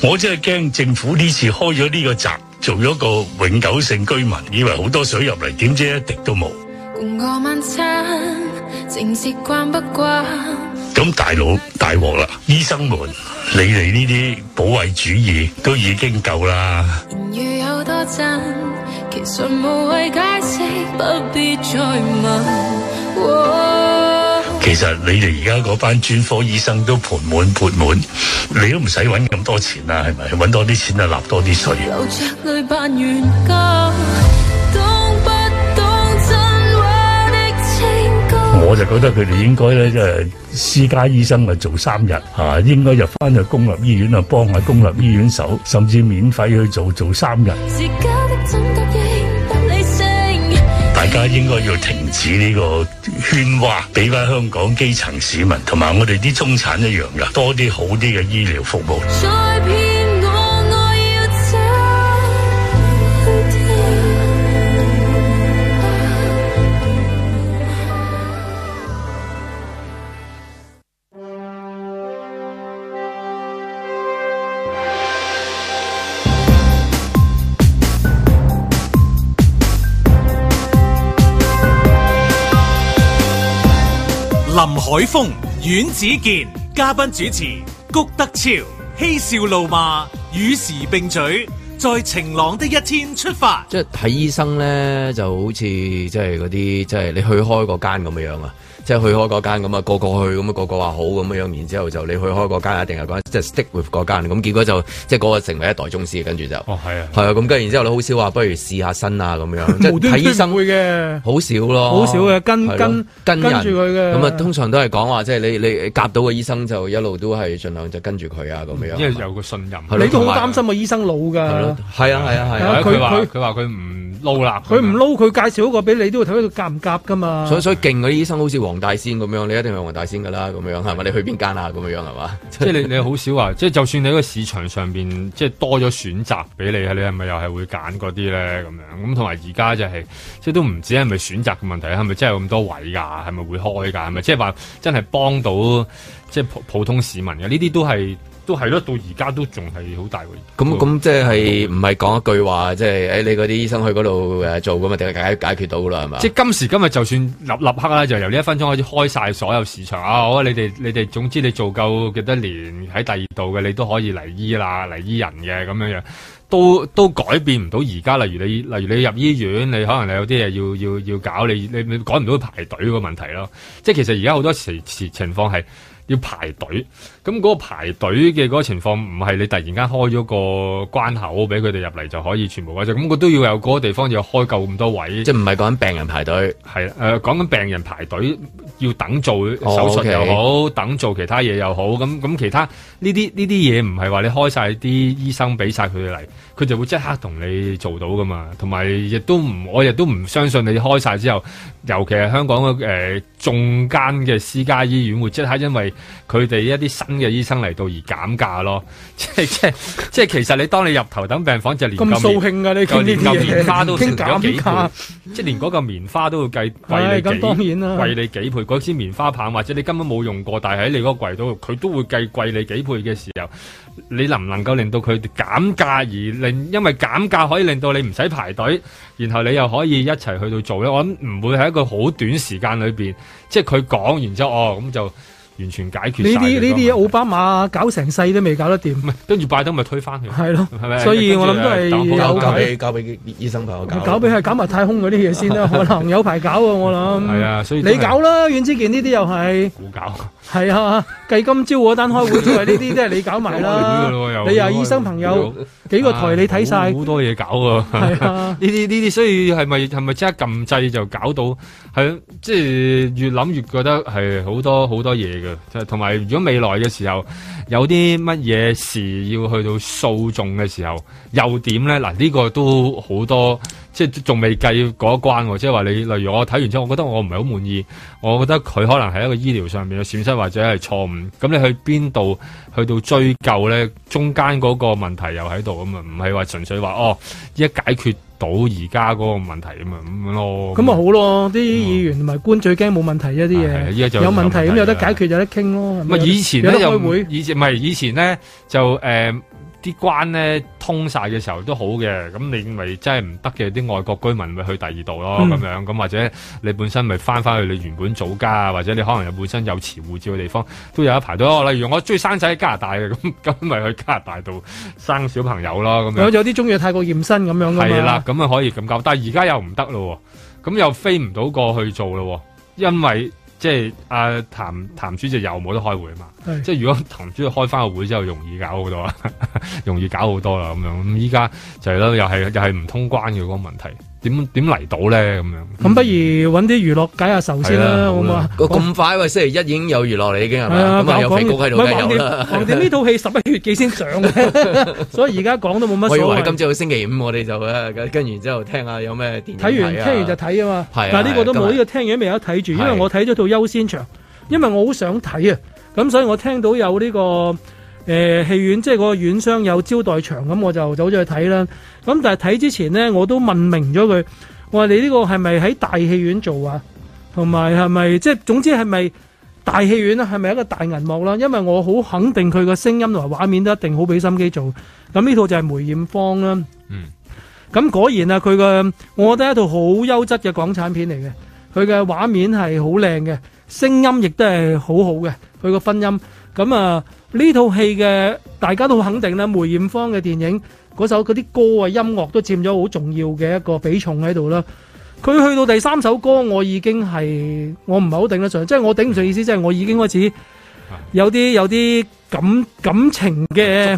我真係驚政府呢次開咗呢個閘，做咗個永久性居民，以為好多水入嚟，點知一滴都冇。咁大佬大鑊啦！醫生們，你哋呢啲保衛主義都已經夠啦。其實無謂解釋，不必再問。其實你哋而家嗰班專科醫生都盤滿缽滿，你都唔使揾咁多錢啦，係咪？揾多啲錢啊，納多啲稅。我就覺得佢哋應該咧，即係私家醫生咪做三日，吓、啊、應該入翻去公立醫院啊，幫下公立醫院手，甚至免費去做做三日。家大家應該要停止呢、這個。勸話俾翻香港基層市民，同埋我哋啲中產一樣噶，多啲好啲嘅醫療服務。海峰、阮子健嘉賓主持，谷德超嬉笑怒罵，與時並舉，在晴朗的一天出發。即係睇醫生咧，就好似即係嗰啲即係你去開嗰間咁樣啊。即係去開嗰間咁啊，個個去咁啊，個個話好咁樣，然之後就你去開嗰間一定係嗰，即係 stick with 嗰間。咁結果就即係嗰個成為一代宗師。跟住就係啊，係啊，咁跟然之後你好少話，不如試下新啊咁樣。睇醫生會嘅，好少咯，好少嘅跟跟跟住佢嘅。咁啊，通常都係講話，即係你你夾到個醫生就一路都係盡量就跟住佢啊咁樣。因為有個信任，你都好擔心啊！醫生老㗎，係啊係啊係啊！佢佢佢話佢唔撈啦，佢唔撈，佢介紹一個俾你都要睇佢夾唔夾㗎嘛。所以所以勁嗰啲醫生好似黃大仙咁樣，你一定係黃大仙噶啦，咁樣係咪？你去邊間啊？咁樣係嘛？即係你，你好少話。即係就算你喺個市場上面，即係多咗選擇俾你，你係咪又係會揀嗰啲咧？咁樣咁同埋而家就係，即係都唔知係咪選擇嘅問題，係咪真係咁多位㗎？係咪會開㗎？係咪即係話真係幫到即係普普通市民嘅？呢啲都係。都係咯，到而家都仲係好大個。咁咁即係唔係講一句話，即係誒，你嗰啲醫生去嗰度誒做噶嘛，就解解決到啦，係嘛？即係今時今日，就算立立刻咧，就由呢一分鐘開始開晒所有市場啊！你哋你哋，總之你做夠幾多年喺第二度嘅，你都可以嚟醫啦，嚟醫人嘅咁樣樣，都都改變唔到而家。例如你，例如你入醫院，你可能你有啲嘢要要要搞，你你改唔到排隊個問題咯。即係其實而家好多情情情況係。要排隊，咁嗰個排隊嘅嗰個情況唔係你突然間開咗個關口俾佢哋入嚟，就可以全部嘅，咁佢都要有嗰個地方要開夠咁多位。即係唔係講緊病人排隊，係啦，誒、啊，講緊病人排隊要等做手術又好，Okay. 等做其他嘢又好，咁咁其他呢啲呢啲嘢唔係話你開晒啲醫生俾晒佢哋嚟，佢就會即刻同你做到噶嘛。同埋亦都唔，我亦都唔相信你開晒之後，尤其係香港嘅誒，中間嘅私家醫院會即刻因為。佢哋一啲新嘅醫生嚟到，而減價咯 即，即係即係即係，其實你當你入頭等病房就連咁掃興啊！你講呢啲嘢，即係連嚿棉花都要計幾倍，即係連嗰嚿棉花都要計貴你幾倍。貴你幾倍嗰支棉花棒，或者你根本冇用過，但係喺你嗰個櫃度，佢都會計貴你幾倍嘅時候，你能唔能夠令到佢減價而令？因為減價可以令到你唔使排隊，然後你又可以一齊去到做咧。我諗唔會喺一個好短時間裏邊，即係佢講，然之後哦咁就。哦完全解決呢啲呢啲，奧巴馬搞成世都未搞得掂，跟住拜登咪推翻佢。係咯的，係咪？所以我諗都係搞咁。搞俾醫生朋友搞，搞俾佢搞埋太空嗰啲嘢先啦。 可能有排搞啊，我諗。係啊，所以你搞啦，遠之健呢啲又係。胡搞。係啊，計今朝嗰單開會 都係呢啲，都係你搞埋啦。啊啊啊、你又醫生朋友、啊啊、幾個台你睇晒，好多嘢搞啊。係啊，呢啲呢啲，所以係咪係咪即刻撳掣就搞到？係即係越諗越覺得係好多好多嘢嘅。就同埋如果未來嘅時候。有啲乜嘢事要去到訴訟嘅時候，又點呢？嗱，呢個都好多，即係仲未計嗰一關喎。即係話你，例如我睇完之後，我覺得我唔係好滿意，我覺得佢可能係一個醫療上面嘅損失或者係錯誤。咁你去邊度？去到追究咧，中間嗰個問題又喺度咁啊，唔係話純粹話哦，依家解決到而家嗰個問題咁啊，咁、嗯、咯。咁咪好咯，啲、嗯啊、議員同埋官最驚冇問題一啲嘢，而家、啊、就有問題咁有，的有得解決有得傾咯。唔係以前呢？有得開會以前唔係以前咧就、呃啲關咧通晒嘅時候都好嘅，咁你認為真係唔得嘅啲外國居民咪去第二度咯，咁、嗯、樣咁或者你本身咪翻翻去你原本祖家啊，或者你可能有本身有持護照嘅地方都有一排都，例如我中意生仔喺加拿大嘅，咁咁咪去加拿大度生小朋友咯，咁樣。有啲中意泰國驗身咁樣。係啦，咁啊可以咁搞，但係而家又唔得咯，咁又飛唔到過去做咯，因為。即係阿、啊、譚譚主席又冇得開會啊嘛，是即係如果譚主席開翻個會之後，容易搞好多， 容易搞好多啦咁樣。咁依家就係、是、咯，又係又係唔通關嘅嗰、那個問題。點點嚟到咧咁樣？咁不如揾啲娛樂解下愁先啦。好唔好啊？咁快喂，星期一已經有娛樂嚟已經係咪？咁啊，有預告喺度嘅。橫掂呢套戲十一月幾先上嘅，所以而家講都冇乜所謂。我以為今朝星期五我哋就咧跟，跟完之後聽下有咩電影睇完，聽完就睇啊嘛。但係呢個都冇，呢個聽完未有睇住，因為我睇咗套優先場，因為我好想睇啊。咁所以我聽到有呢個誒戲院，即係嗰個院商有招待場，咁我就走咗去睇啦。咁但係睇之前呢，我都問明咗佢，我話你呢個係咪喺大戲院做啊？同埋係咪即係總之係咪大戲院啊？係咪一個大銀幕啦，啊？因為我好肯定佢個聲音同埋畫面都一定好俾心機做。咁呢套就係梅艷芳啦。嗯，咁果然啊，佢個我覺得一套好優質嘅港產片嚟嘅。佢嘅畫面係好靚嘅，聲音亦都係好好嘅。佢個分音咁啊，呢套戲嘅大家都好肯定啦，梅艷芳嘅電影。嗰首嗰啲歌啊，音樂都佔咗好重要嘅一個比重喺度啦。佢去到第三首歌，我已經係我唔係好頂得上，即係我頂唔上意思，即係我已經開始有啲有啲感感情嘅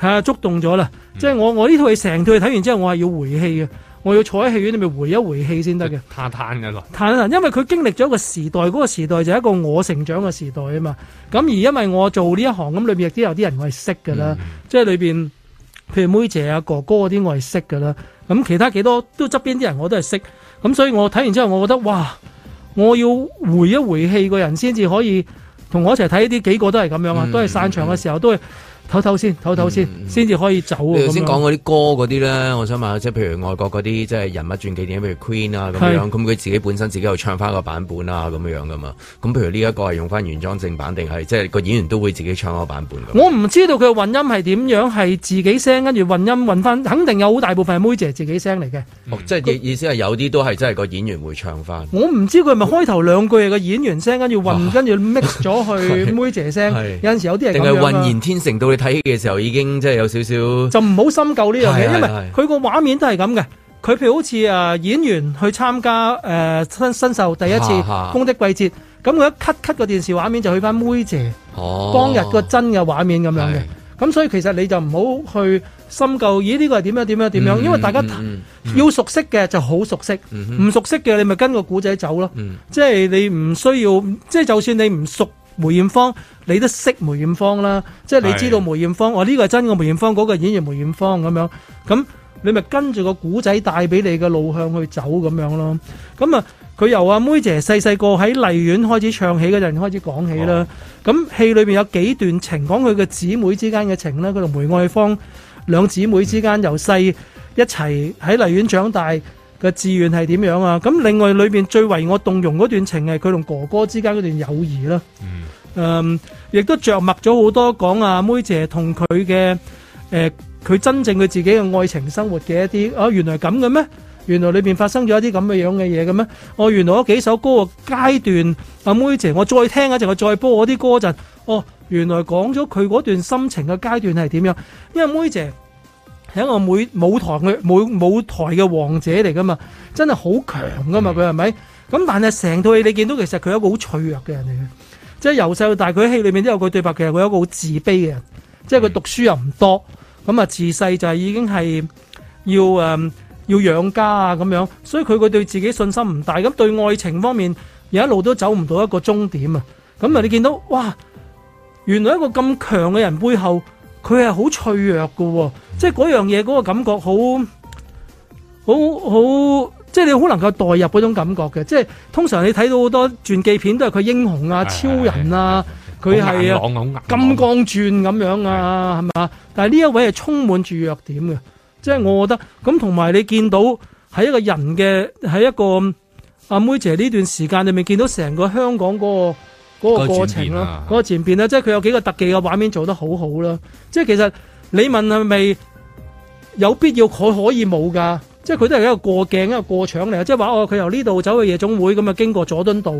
係觸動咗啦。啊嗯、即係我我呢套戲成套睇完之後，我係要回氣嘅，我要坐喺戲院裏面回一回氣先得嘅。嘆一嘆啊！因為佢經歷咗一個時代，嗰、嗰個時代就係一個我成長嘅時代啊嘛。咁而因為我做呢一行，咁裏面亦都有啲人我係識嘅啦，嗯、即係裏邊。譬如妹姐啊、哥哥嗰啲，我係識噶啦。咁其他幾多都側邊啲人，我都係識。咁所以我睇完之後，我覺得哇，我要回一回氣，個人先至可以同我一齊睇呢啲幾個都係咁樣啊，嗯、都係散場嘅時候、嗯、都係。唞唞先，唞唞先，先至、嗯、可以走。頭先講嗰啲歌嗰啲咧，我想問下，即係譬如外國嗰啲，即係人物傳記電影，譬如 Queen 啊咁樣，咁佢是 自己本身自己有唱翻個版本啊咁樣噶嘛？咁譬如呢一個係用翻原裝正版定係即係個演員都會自己唱個版本？我唔知道佢嘅混音係點樣，係自己聲跟住混音混翻，肯定有好大部分係妹姐自己聲嚟嘅。即係、嗯、他意思係有啲都係真係個演員會唱翻。我唔知佢係咪開頭兩句係個演員聲，跟住、啊、混，跟住 mix 咗去妹姐聲。 是有陣時有啲人定係渾然天成都。佢睇嘅時候已經，即係有少少就唔好深究呢樣嘢，是是是是因為佢個畫面都係咁嘅。佢譬如好似啊、呃、演員去參加誒、呃、新新秀第一次公的季節，咁佢、啊、是 一 cut cut 個電視畫面就去翻妹姐，當、哦、日個真嘅畫面咁樣嘅。咁是是 所以其實你就唔好去深究，咦呢、呢個係點樣點樣點樣？因為大家要熟悉嘅就好熟悉，唔熟悉嘅你咪跟個古仔走咯。即係、嗯、哼 你唔需要，即、就、係、是、就算你唔熟。梅艷芳，你都識梅艷芳啦，即係你知道梅艷芳，我呢是、哦這個係真個梅艷芳，嗰、嗰個演員梅艷芳咁樣，咁你咪跟住個古仔帶俾你嘅路向去走咁樣咯。咁啊，佢由阿妹姐細細個喺荔園開始唱起嗰陣，開始講起啦。咁戲、哦、裏邊有幾段情，講佢嘅姊妹之間嘅情咧，佢同梅愛芳兩姊妹之間由細一齊喺荔園長大。嘅志願係點樣啊？咁另外裏面，最為我動容嗰段情係佢同哥哥之間嗰段友誼啦。嗯，誒，亦都着墨咗好多講阿妹姐同佢嘅誒，佢真正佢自己嘅愛情生活嘅一啲。哦、啊，原來咁嘅咩？原來裏面發生咗一啲咁嘅樣嘅嘢嘅咩？哦、啊，原來嗰幾首歌嘅階段，阿妹姐，我再聽一陣，我再播我啲歌陣，哦、啊，原來講咗佢嗰段心情嘅階段係點樣？因為妹姐。係一個舞台舞台嘅舞舞台嘅王者嚟噶嘛，真係好強噶嘛佢係咪？咁但係成套戲你見到其實佢係一個好脆弱嘅人嚟嘅，即係由細到大佢喺戲裏面都有佢對白，其實佢係一個好自卑嘅人，即係佢讀書又唔多，咁啊自細就係已經係要誒、嗯、要養家啊咁樣，所以佢佢對自己信心唔大，咁對愛情方面有一路都走唔到一個終點啊，咁啊你見到哇，原來一個咁強嘅人背後。佢係好脆弱嘅。哦，即係嗰樣嘢嗰個感覺好，好好即係你好能夠代入嗰種感覺嘅。即係通常你睇到好多傳記片都係佢英雄啊、超人啊，佢係金剛鑽咁樣啊，係咪的？但係呢一位係充滿住弱點嘅，即係我覺得咁同埋你見到喺一個人嘅喺一個阿妹姐呢段時間裏面見到成個香港嗰個。嗰個過程嗰、啊、個前邊咧，即係佢有幾個特技嘅畫面做得好好啦。即係其實你問係咪有必要，佢可以冇噶？即係佢都係一個過鏡、一個過場嚟！啊，即係話哦，佢由呢度走去夜總會咁啊，咪經過佐敦道，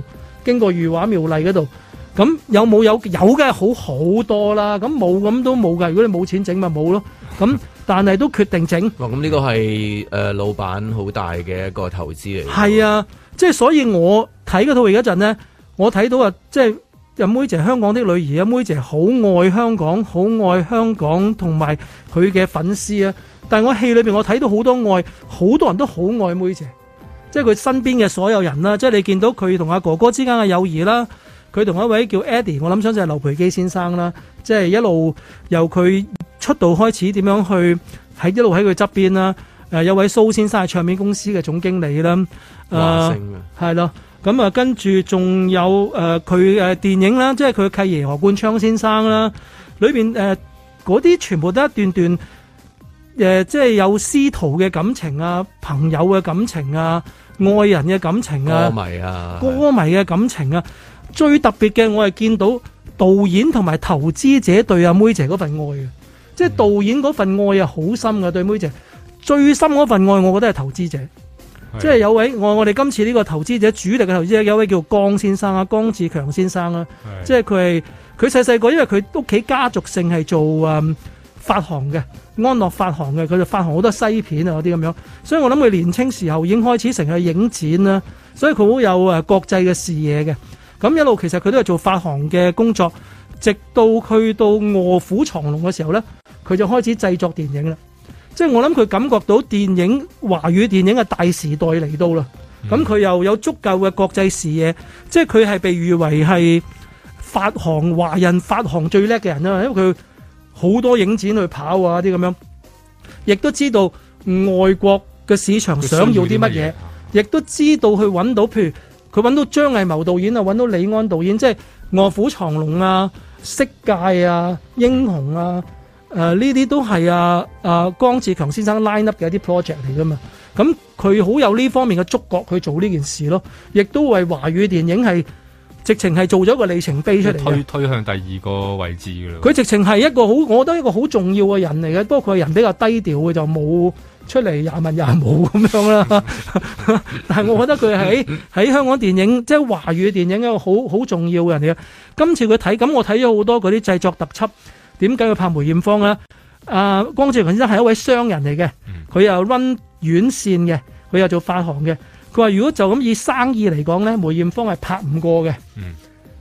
經過御畫廟麗嗰度，咁有冇有有嘅好好多啦。咁冇咁都冇噶，如果你冇錢整咪冇咯。咁但係都決定整。咁呢 個係誒老闆好大嘅一個投資嚟。係啊，即係所以我睇嗰套戲嗰陣呢。我睇到啊，即係阿梅姐，香港的女兒，阿梅姐好愛香港，好愛香港，同埋佢嘅粉絲啊！但係我戲裏邊，我睇到好多愛，好多人都好愛梅姐，即係佢身邊嘅所有人啦。即係你見到佢同阿哥哥之間嘅友誼啦，佢同一位叫 Eddie，我諗想，想就係劉培基先生啦。即係一路由佢出道開始，點樣去喺一路喺佢側邊啦？誒，有位蘇先生係唱片公司嘅總經理啦，誒，係咯、啊。咁啊，跟住仲有誒佢誒電影啦，即係佢契爺何冠昌先生啦，裏邊誒嗰啲全部都一段段誒、呃，即係有師徒嘅感情啊，朋友嘅感情啊，愛人嘅感情啊，歌迷啊，歌迷嘅感情啊，最特別嘅我係見到導演同埋投資者對阿妹姐嗰份愛嘅，嗯、即係導演嗰份愛係好深嘅對妹姐，最深嗰份愛我覺得係投資者。即係有位我我哋今次呢個投資者主力嘅投資者有位叫江先生啊，江志強先生啊。即係佢係佢細細個，因為佢屋企家族性係做誒、嗯、發行嘅，安樂發行嘅，佢就發行好多西片啊嗰啲咁樣。所以我諗佢年青時候已經開始成日影展啦。所以佢好有誒國際嘅視野嘅。咁一路其實佢都係做發行嘅工作，直到去到卧虎藏龍嘅時候咧，佢就開始製作電影啦。即係我諗佢感覺到電影，華語電影嘅大時代嚟到啦，咁佢、嗯、又有足夠嘅國際視野，即係佢係被譽為係發行華人發行最叻嘅人啦，因為佢好多影展去跑啊啲咁樣，亦都知道外國嘅市場想要啲乜嘢，亦都知道去揾到，譬如佢揾到張藝謀導演啊，揾到李安導演，即係臥虎藏龍啊、色戒啊、英雄啊。誒，呢啲、呃、都係啊啊，江志強先生 line up 嘅一啲 project 嚟㗎嘛？咁佢好有呢方面嘅觸角去做呢件事咯，亦都為華語電影係直情係做咗一個里程碑出嚟，推推向第二個位置㗎啦。佢直情係一個好，我覺得一個好重要嘅人嚟嘅。不過佢人比較低調嘅，就冇出嚟廿問廿冇咁樣啦。 但係我覺得佢喺喺香港電影，即、就、係、是、華語電影一個好好重要嘅人嚟嘅。今次佢睇，咁我睇咗好多嗰啲製作特輯。點解佢拍梅艷芳咧？啊、呃，光志群先生係一位商人嚟嘅，佢、嗯、又 r 院 n 綫嘅，佢又做發行嘅。佢話如果就咁以生意嚟講咧，梅艷芳係拍唔過嘅。嗯，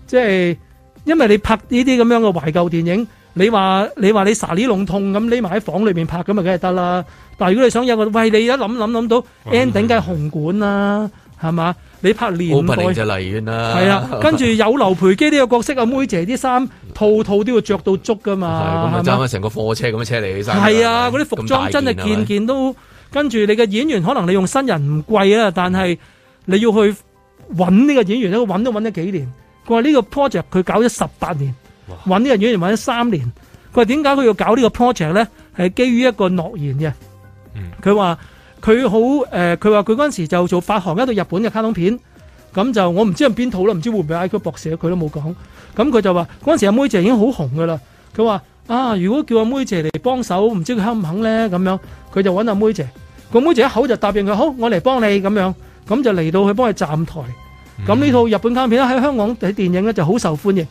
即係因為你拍呢啲咁樣嘅懷舊電影，你話你話你沙啲龍痛咁匿埋喺房裏邊拍咁啊，梗係得啦。但係如果你想有一個，喂，你一諗諗諗到、嗯、e n d 頂 n g 嘅紅館啦、啊，係嘛？你拍年唔好拍嚟，就嚟完啦，係啊，跟住有劉培基呢個角色啊 妹姐啲衫套套都要着到足噶嘛，係咁咪爭翻成個貨車咁樣車嚟起晒，係啊，嗰啲、啊、服裝真係件件都件跟住你嘅演員，可能你用新人唔貴啊，但係你要去揾呢個演員咧，揾都揾咗幾年。佢話呢個 project 佢搞咗十八年，揾呢哇個演員揾咗三年。佢話點解佢要搞這個呢個 project 咧？係基於一個諾言嘅，佢話、嗯。佢話佢好誒，佢話佢嗰時就做發行一套日本嘅卡通片，咁就我唔知係邊套啦，唔知會唔會 I Q 博士佢都冇講。咁佢就話嗰時阿妹姐已經好紅噶啦。佢話啊，如果叫阿妹姐嚟幫手，唔知佢肯唔肯呢？咁樣佢就揾阿妹姐，個妹姐一口就答應佢，好，我嚟幫你咁樣。咁就嚟到去幫佢站台。咁呢套日本卡通片喺香港睇電影呢就好受歡迎。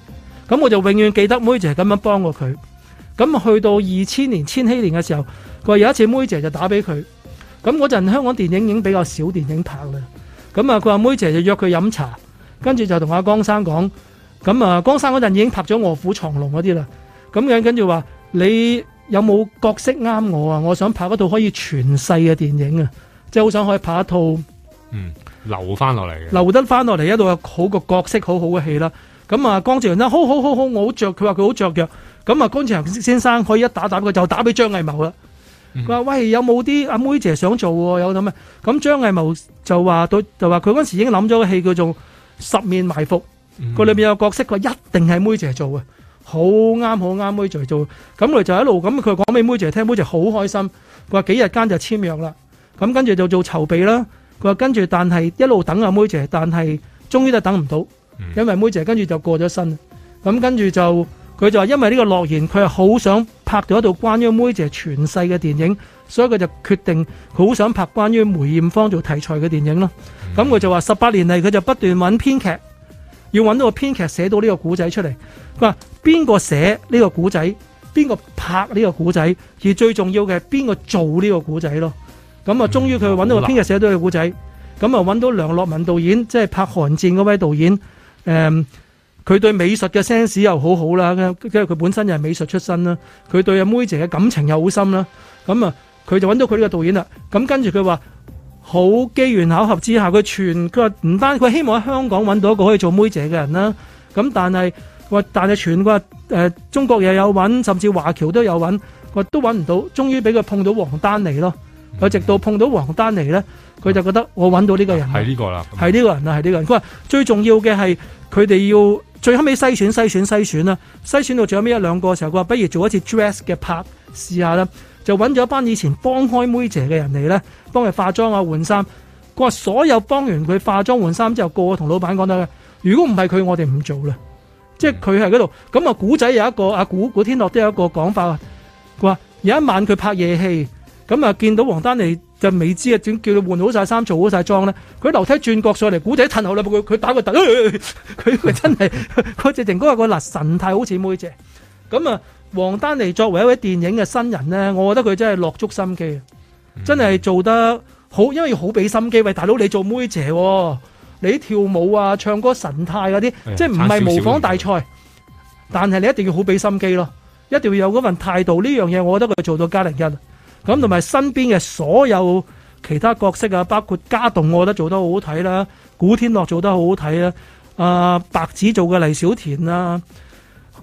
咁我就永遠記得妹姐咁樣幫過佢。咁去到二千年、千禧年嘅時候，佢話有一次妹姐就打俾佢。咁嗰陣香港電影已經比較少電影拍啦，咁啊佢阿妹姐就約佢飲茶，跟住就同阿江生講，咁啊江生嗰陣已經拍咗臥虎藏龍嗰啲啦，咁跟跟住話你有冇角色啱我啊？我想拍一套可以傳世嘅電影啊，即係好想可以拍一套，嗯，留翻落嚟嘅，留，留得翻落嚟一度有好個角色，好好嘅戲啦。咁啊江哲生，好好好他說他好，我好着，佢話佢好着弱，咁啊江哲生先生可以一打打佢，就打俾張藝謀啦。佢話喂，有冇啲阿妹姐想做？有諗咩？咁張藝謀就話對，就話佢嗰時已經諗咗個戲，叫做十面埋伏，個裏邊有角色，佢一定係妹姐做啊，好啱好啱妹姐做。咁佢就一路咁，佢講俾妹姐聽，妹姐好開心。佢話幾日間就簽約啦，咁跟住就做籌備啦。佢話跟住但係一路等阿妹姐，但係終於都等唔到，因為妹姐跟住就過咗身。咁跟住就。佢就話因為呢個諾言，佢係好想拍到一套關於梅姐傳世嘅電影，所以佢就決定，佢好想拍關於梅艷芳做題材嘅電影咯。咁佢就話十八年嚟，佢就不斷揾編劇，要揾到個編劇寫到呢個古仔出嚟。佢話邊個寫呢個古仔，邊個拍呢個古仔，而最重要嘅係邊個做呢個古仔咯。咁啊、嗯，終於佢揾到個編劇寫到個古仔，咁啊揾到梁樂文導演，即係拍《寒戰》嗰位導演，誒、嗯。佢對美術嘅 sense 又好好啦，跟住佢本身就係美術出身啦。佢對阿梅姐嘅感情又好深啦。咁、嗯、啊，佢就揾到佢呢個導演啦。咁、嗯、跟住佢話好機緣巧合之下，佢傳佢話唔單佢希望喺香港揾到一個可以做梅姐嘅人啦。咁、嗯、但係話但係傳佢話中國又有揾，甚至華僑有找都有揾，話都揾唔到。終於俾佢碰到王丹妮咯。佢、嗯、直到碰到王丹妮咧，佢就覺得我揾到呢個人係呢個啦，係呢個人啊？係呢個人。佢話最重要嘅係佢哋要。最後尾篩選篩選篩選啦，篩選到最後尾一兩個時候，佢話不如做一次 dress 嘅拍試下啦，就揾咗班以前幫開妹姐嘅人嚟呢，幫佢化妝啊，換衫。佢話所有幫完佢化妝換衫之後，個個同老闆講，得嘅，如果唔係佢，我哋唔做啦。即係佢喺嗰度，咁啊古仔有一個啊古古天樂都有一個講法，佢話有一晚佢拍夜戲，咁啊見到王丹妮。就未知啊！點叫佢換好晒衫，做好晒妝咧？佢樓梯轉角上嚟，估仔一褪後啦！佢佢打個突，佢、哎、佢、哎哎哎、真係，佢直情講話個嗱神態好似梅姐。咁啊，王丹妮作為一位電影嘅新人咧，我覺得佢真係落足心機，嗯、真係做得好，因為要好俾心機。喂，大佬你做梅姐、哦，你跳舞啊、唱歌神態嗰啲，哎、呀即係唔係模仿大賽，點點但係你一定要好俾心機咯，一定要有嗰份態度。呢樣嘢，我覺得佢做到加零一。咁同埋身邊嘅所有其他角色啊，包括家棟，我覺得做得好好睇啦，古天樂做得好好睇啦，啊白子做嘅黎小田啦、啊，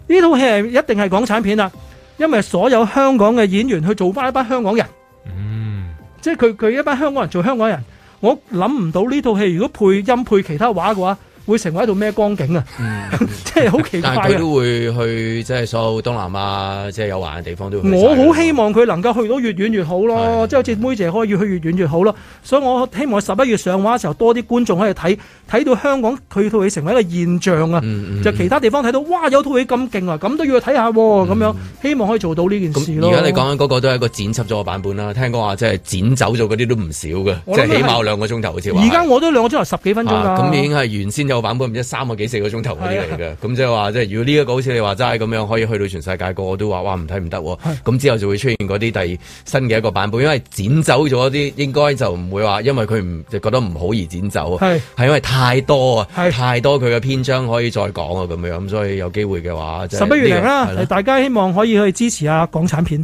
呢套戲係一定係港產片啦，因為所有香港嘅演員去做返一班香港人，嗯，即係佢佢一班香港人做香港人，我諗唔到呢套戲如果配音配其他話嘅話，會成為一道咩光景啊！即係好奇怪。但佢都會去，即、就、係、是、所有東南亞，即、就、係、是、有玩嘅地方都去。我好希望佢能夠去到越遠越好咯，即係好似妹姐可以越去越遠越好咯。所以我希望十一月上畫嘅時候，多啲觀眾可以睇，睇到香港佢套戲成為一個現象啊！嗯、就其他地方睇到，哇！有套戲咁勁啊，咁都要去睇下喎。咁樣希望可以做到呢件事咯。而家、嗯、你講緊嗰個都係一個剪輯咗嘅版本啦，聽講話即係剪走咗嗰啲都唔少嘅，即係起碼兩個鐘頭好似。而家我都兩個鐘頭十幾分鐘㗎。咁、啊、已經係原先個版本唔知三個幾四個鐘頭嗰啲嚟嘅，咁即係話，即係如果呢、這、一個好似你話齋咁樣可以去到全世界個個都話哇，唔睇唔得，咁的之後就會出現嗰啲第二新嘅一個版本，因為剪走咗啲，應該就唔會話因為佢唔就覺得唔好而剪走，係的因為太多啊，的太多佢嘅篇章可以再講啊，咁樣，咁所以有機會嘅話，就是這個、十一月啦，的大家希望可以去支持一下港產片。